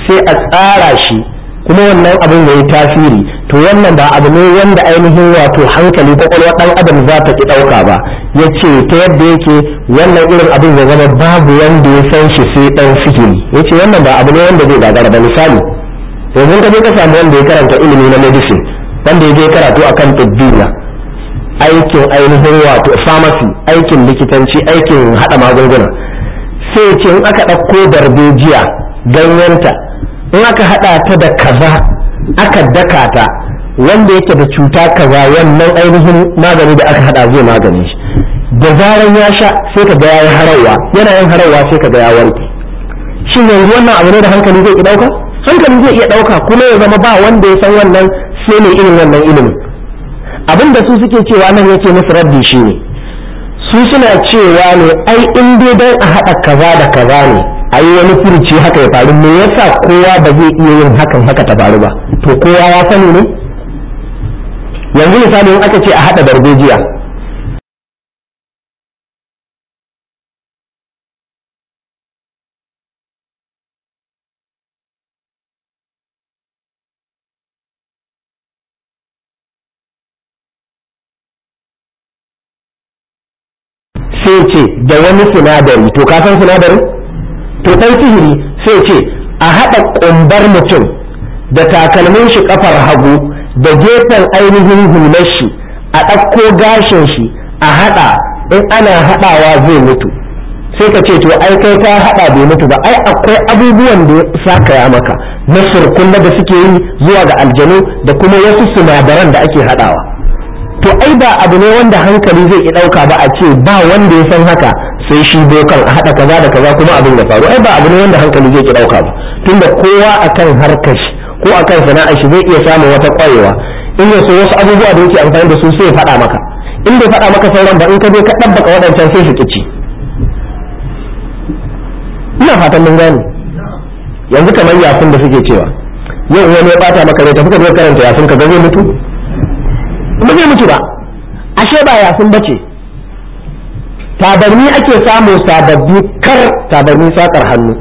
sai a tsara shi kuma wannan abin ya yi tasiri to wannan ba abu ne wanda ainihin wato hankali kwakwalwa ɗan adam za ta ki ɗauka ba ya ce ta yadda yake wannan irin abin ya zama babu wanda ya san shi sai ɗan sihiri ya ce wannan ba abu ne wanda zai gagara ba misali yanzu ka je ka samu wanda ya karanta ilimi na medicine wanda ya je karatu a kan tibbiya aikin ainihin wato pharmacy aikin likitanci aikin haɗa magunguna sai ce in aka ɗauko darbejiya ganyenta in aka hada ta da kaza aka daka ta wanda yake da cuta kaza wannan ainihin magani da aka hada zai magani shi da zaran ya sha sai ka ga harawa yana yin harawa sai ka ga ya warke shin yanzu wannan abu ne da hankali zai dauka hankali zai iya ɗauka kuma ya zama ba wanda ya san wannan sai ne irin wannan ilimin abin da su suke cewa nan yake musu rabbi shi ne su suna cewa ne ai in dai dan a haɗa kaza da kaza ne a yi wani furuci haka ya faru me yasa kowa ba zai iya yin hakan haka ta faru ba to kowa ya sani ne yanzu misali in aka ce a haɗa darbejiya sai ce da wani sinadari to ka san sinadarin to ɗan sihiri sai ce a haɗa ƙumbar mutum da takalmin shi ƙafar hagu da gefen ainihin hular shi a ɗauko gashin shi a haɗa in ana haɗawa zai mutu sai ka ce to ai kai ka haɗa bai mutu ba ai akwai abubuwan da saka ya maka na surkunna da suke yi zuwa ga aljanu da kuma wasu sinadaran da ake haɗawa to ai ba abu ne wanda hankali zai iya ɗauka ba a ce ba wanda ya san haka sai shi dokar a haɗa kaza da kaza kuma abin da faru ai ba abu ne wanda hankali zai ki ɗauka ba tunda kowa akan harkar shi ko akan sana'ar shi zai iya samun wata ƙwarewa in ya so wasu abubuwa da yake amfani da su sai ya faɗa maka in bai faɗa maka sauran ba in ka je ka ɗabbaka waɗancan sai su kici ina fatan mun gane yanzu kamar yafin da suke cewa yau wani ya ɓata maka rai tafi ka je karanta yafin ka ga zai mutu ba zai mutu ba ashe ba yafin ba ce. tabarni ake samu sababbi kar tabarni sakar hannu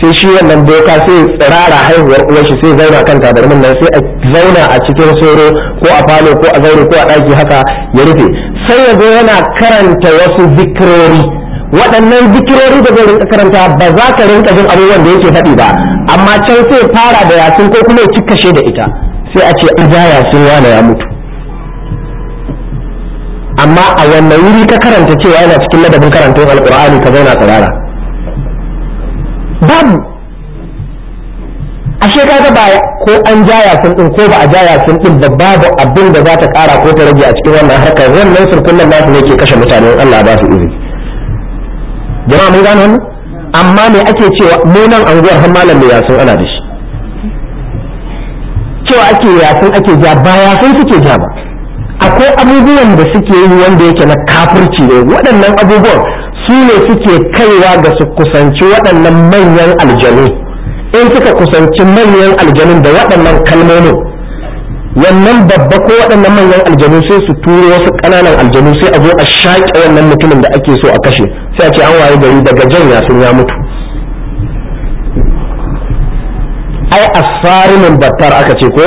sai shi wannan boka sai tsirara haihuwar uwar shi sai zauna kan tabarnin nan sai a zauna a cikin soro ko a falo ko a zaure ko a daki haka ya rufe sai ya zo yana karanta wasu zikirori waɗannan zikirori da zai rinka karanta ba za ka rinka jin abubuwan da yake faɗi ba amma can sai fara da yasin ko kuma ya cika da ita sai a ce an ja yasin wane ya mutu amma a wannan wuri ka karanta cewa yana cikin ladabin karatun alkur'ani ka zauna tsirara babu ashe kaga ba ko an jaya sun din ko ba a jaya sun din da babu abin da za ta kara ko ta rage a cikin wannan harkar wannan surkullan nasu ne ke kashe mutane Allah ba su izini jama'a mun gano wannan amma me ake cewa mu nan anguwar har malam mai yasun ana da shi cewa ake yasin ake ja ba yasin suke ja ba akwai abubuwan da suke yi wanda yake na kafirci ne waɗannan abubuwan su ne suke kaiwa ga su kusanci waɗannan manyan aljanu in suka kusanci manyan aljanu da waɗannan kalmomin wannan babba ko waɗannan manyan aljanu sai su turo wasu ƙananan aljanu sai a zo a shaƙe wannan mutumin da ake so a kashe sai a ce an waye gari daga jan ya sun ya mutu ai asarimin battar aka ce ko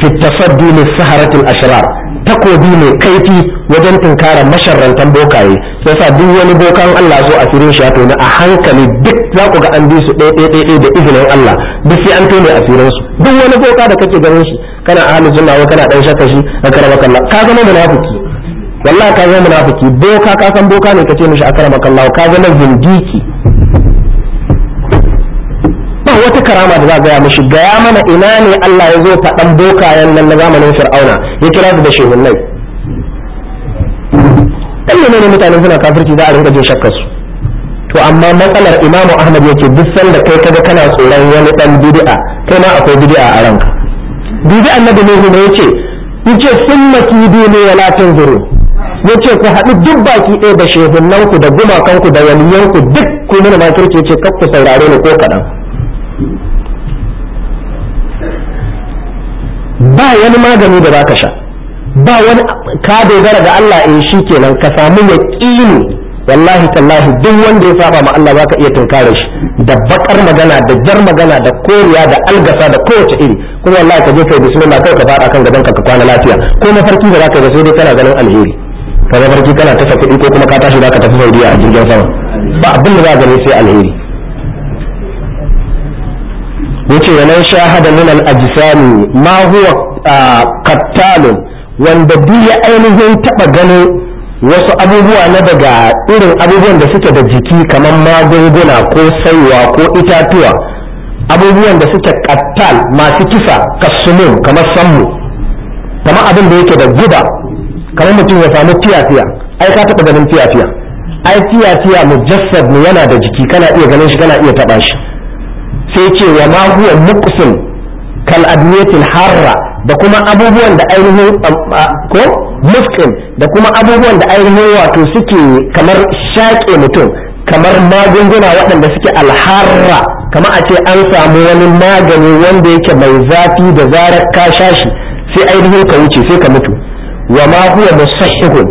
fi tasaddi min saharatil ashrar takobi mai kaifi wajen tunkara masharrantan bokaye sai sa duk wani bokan Allah zo a firin shi to a hankali duk za ku ga an bi su ɗaya ɗaya ɗaya da izinin Allah duk sai an tone a firin su duk wani boka da kake ganin shi kana ahlus sunna wa kana dan shakka shi karama Allah ka zama munafiki wallahi ka zama munafiki boka ka san boka ne kace mishi karama Allah ka zama zindiki akwai wata karama da za a gaya mashi gaya mana ina ne Allah ya zo faɗan bokayen nan na zamanin fir'auna ya kira su da shehunnai dan ne ne mutane suna kafirci za a rinka jin shakkar su to amma matsalar imamu ahmad yake duk sanda kai kaga kana tsoron wani ɗan bid'a kai ma akwai bid'a a ranka na annabi ne ne yace yace summa tuduni wala Ya yace ku haɗu duk baki ɗaya da shehunnan ku da gumakanku da waliyanku duk ku nuna makirci yace kar ku saurare ni ko kaɗan ba wani magani da zaka sha ba wani ka dogara ga Allah in eh, shi kenan ka samu yaqini wallahi tallahi duk wanda ya saba ma Allah zaka iya tunkare shi da bakar magana da jar magana da koriya da algasa da kowace iri kuma wallahi ka je kai bismillah kai ka fada kan gaban ka ka kwana lafiya ko mafarki da zaka yi sai dai kana ganin alheri ka mafarki kana tafi kudi ko kuma ka tashi zaka tafi Saudiya a jirgin sama ba abin da zaka gani sai alheri yace nan shahada min al ajsami ma huwa qattalun wanda duk ya ainihin taba gano wasu abubuwa na daga irin abubuwan da suke da jiki kamar magunguna ko saiwa ko itatuwa abubuwan da suke kattal masu kisa kasumin kamar sammu kamar abin da yake da guba kamar mutum ya samu tiya ai ka taɓa ganin tiya ai tiya mujassad ne yana da jiki kana iya ganin shi kana iya taba shi sai ce wa ma huwa muqsim kal adniyatil harra da kuma abubuwan da ainihin ko muskin da kuma abubuwan da ainihin wato suke kamar shaƙe mutum kamar magunguna waɗanda suke alharra kamar a ce an samu wani magani wanda yake mai zafi da zarar ka sha shi sai ainihin ka wuce sai ka mutu wa ma huwa musahihun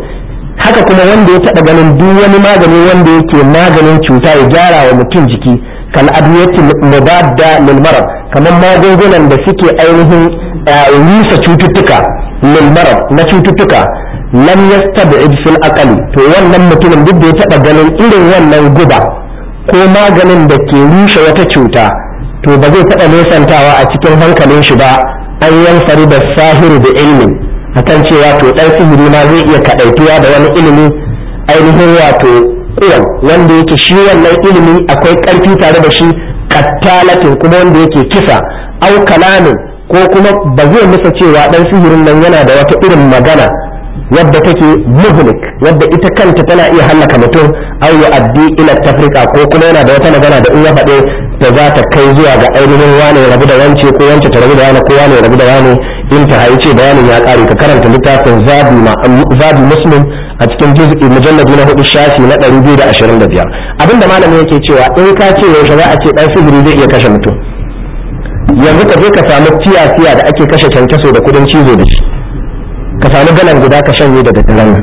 haka kuma wanda ya taɓa ganin duk wani magani wanda yake maganin cuta ya gyara wa mutum jiki kan adwiyati mubadda lil marad kamar magungunan da suke ainihin eh, rusa cututtuka lil marad na cututtuka lam yastab'id fil aqali to wannan mutumin duk da ya taba ganin irin wannan guba ko maganin da ke rushe wata cuta to ba zai taba nesantawa a cikin hankalin shi ba an yanfari da sahiru da ilmin akan cewa to ɗan sihiri ma zai iya kaɗaituwa da wani ilimi ainihin wato tsayon wanda yake shi wannan ilimi akwai karfi tare da shi kattalatin kuma wanda yake kisa au kalamin ko kuma ba zai musa cewa dan sihirin nan yana da wata irin magana wadda take muhlik wadda ita kanta tana iya hallaka mutum au ya addi ila tafrika ko kuma yana da wata magana da in ya faɗe da za ta kai zuwa ga ainihin wane rabu da wance ko wance ta rabu da wane ko wane rabu da wane in ta haice bayanin ya ƙare ka karanta littafin zabi muslim a cikin juz'i mujalladi na hudu shafi na biyu da da ashirin biyar. abinda malami yake cewa in ka ce yaushe za a ce dan sihiri zai iya kashe mutum yanzu ka je ka samu tiya da ake kashe kyankyaso da kudin cizo da shi ka samu galan guda ka shanye daga daren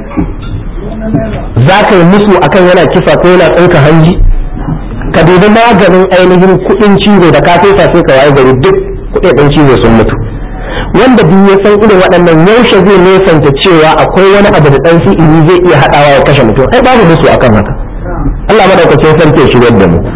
za ka yi musu akan yana kisa ko yana tsinka hanji ka dubi maganin ainihin kudin cizo da ka fesa sai ka waye gari duk kudin cizo sun mutu wanda duk ya san irin waɗannan yaushe zai nesanta cewa akwai wani abu da ɗan fi'ili zai iya haɗawa ya kashe mutum ai babu musu akan haka Allah madaukakin sarki ya shigar da mu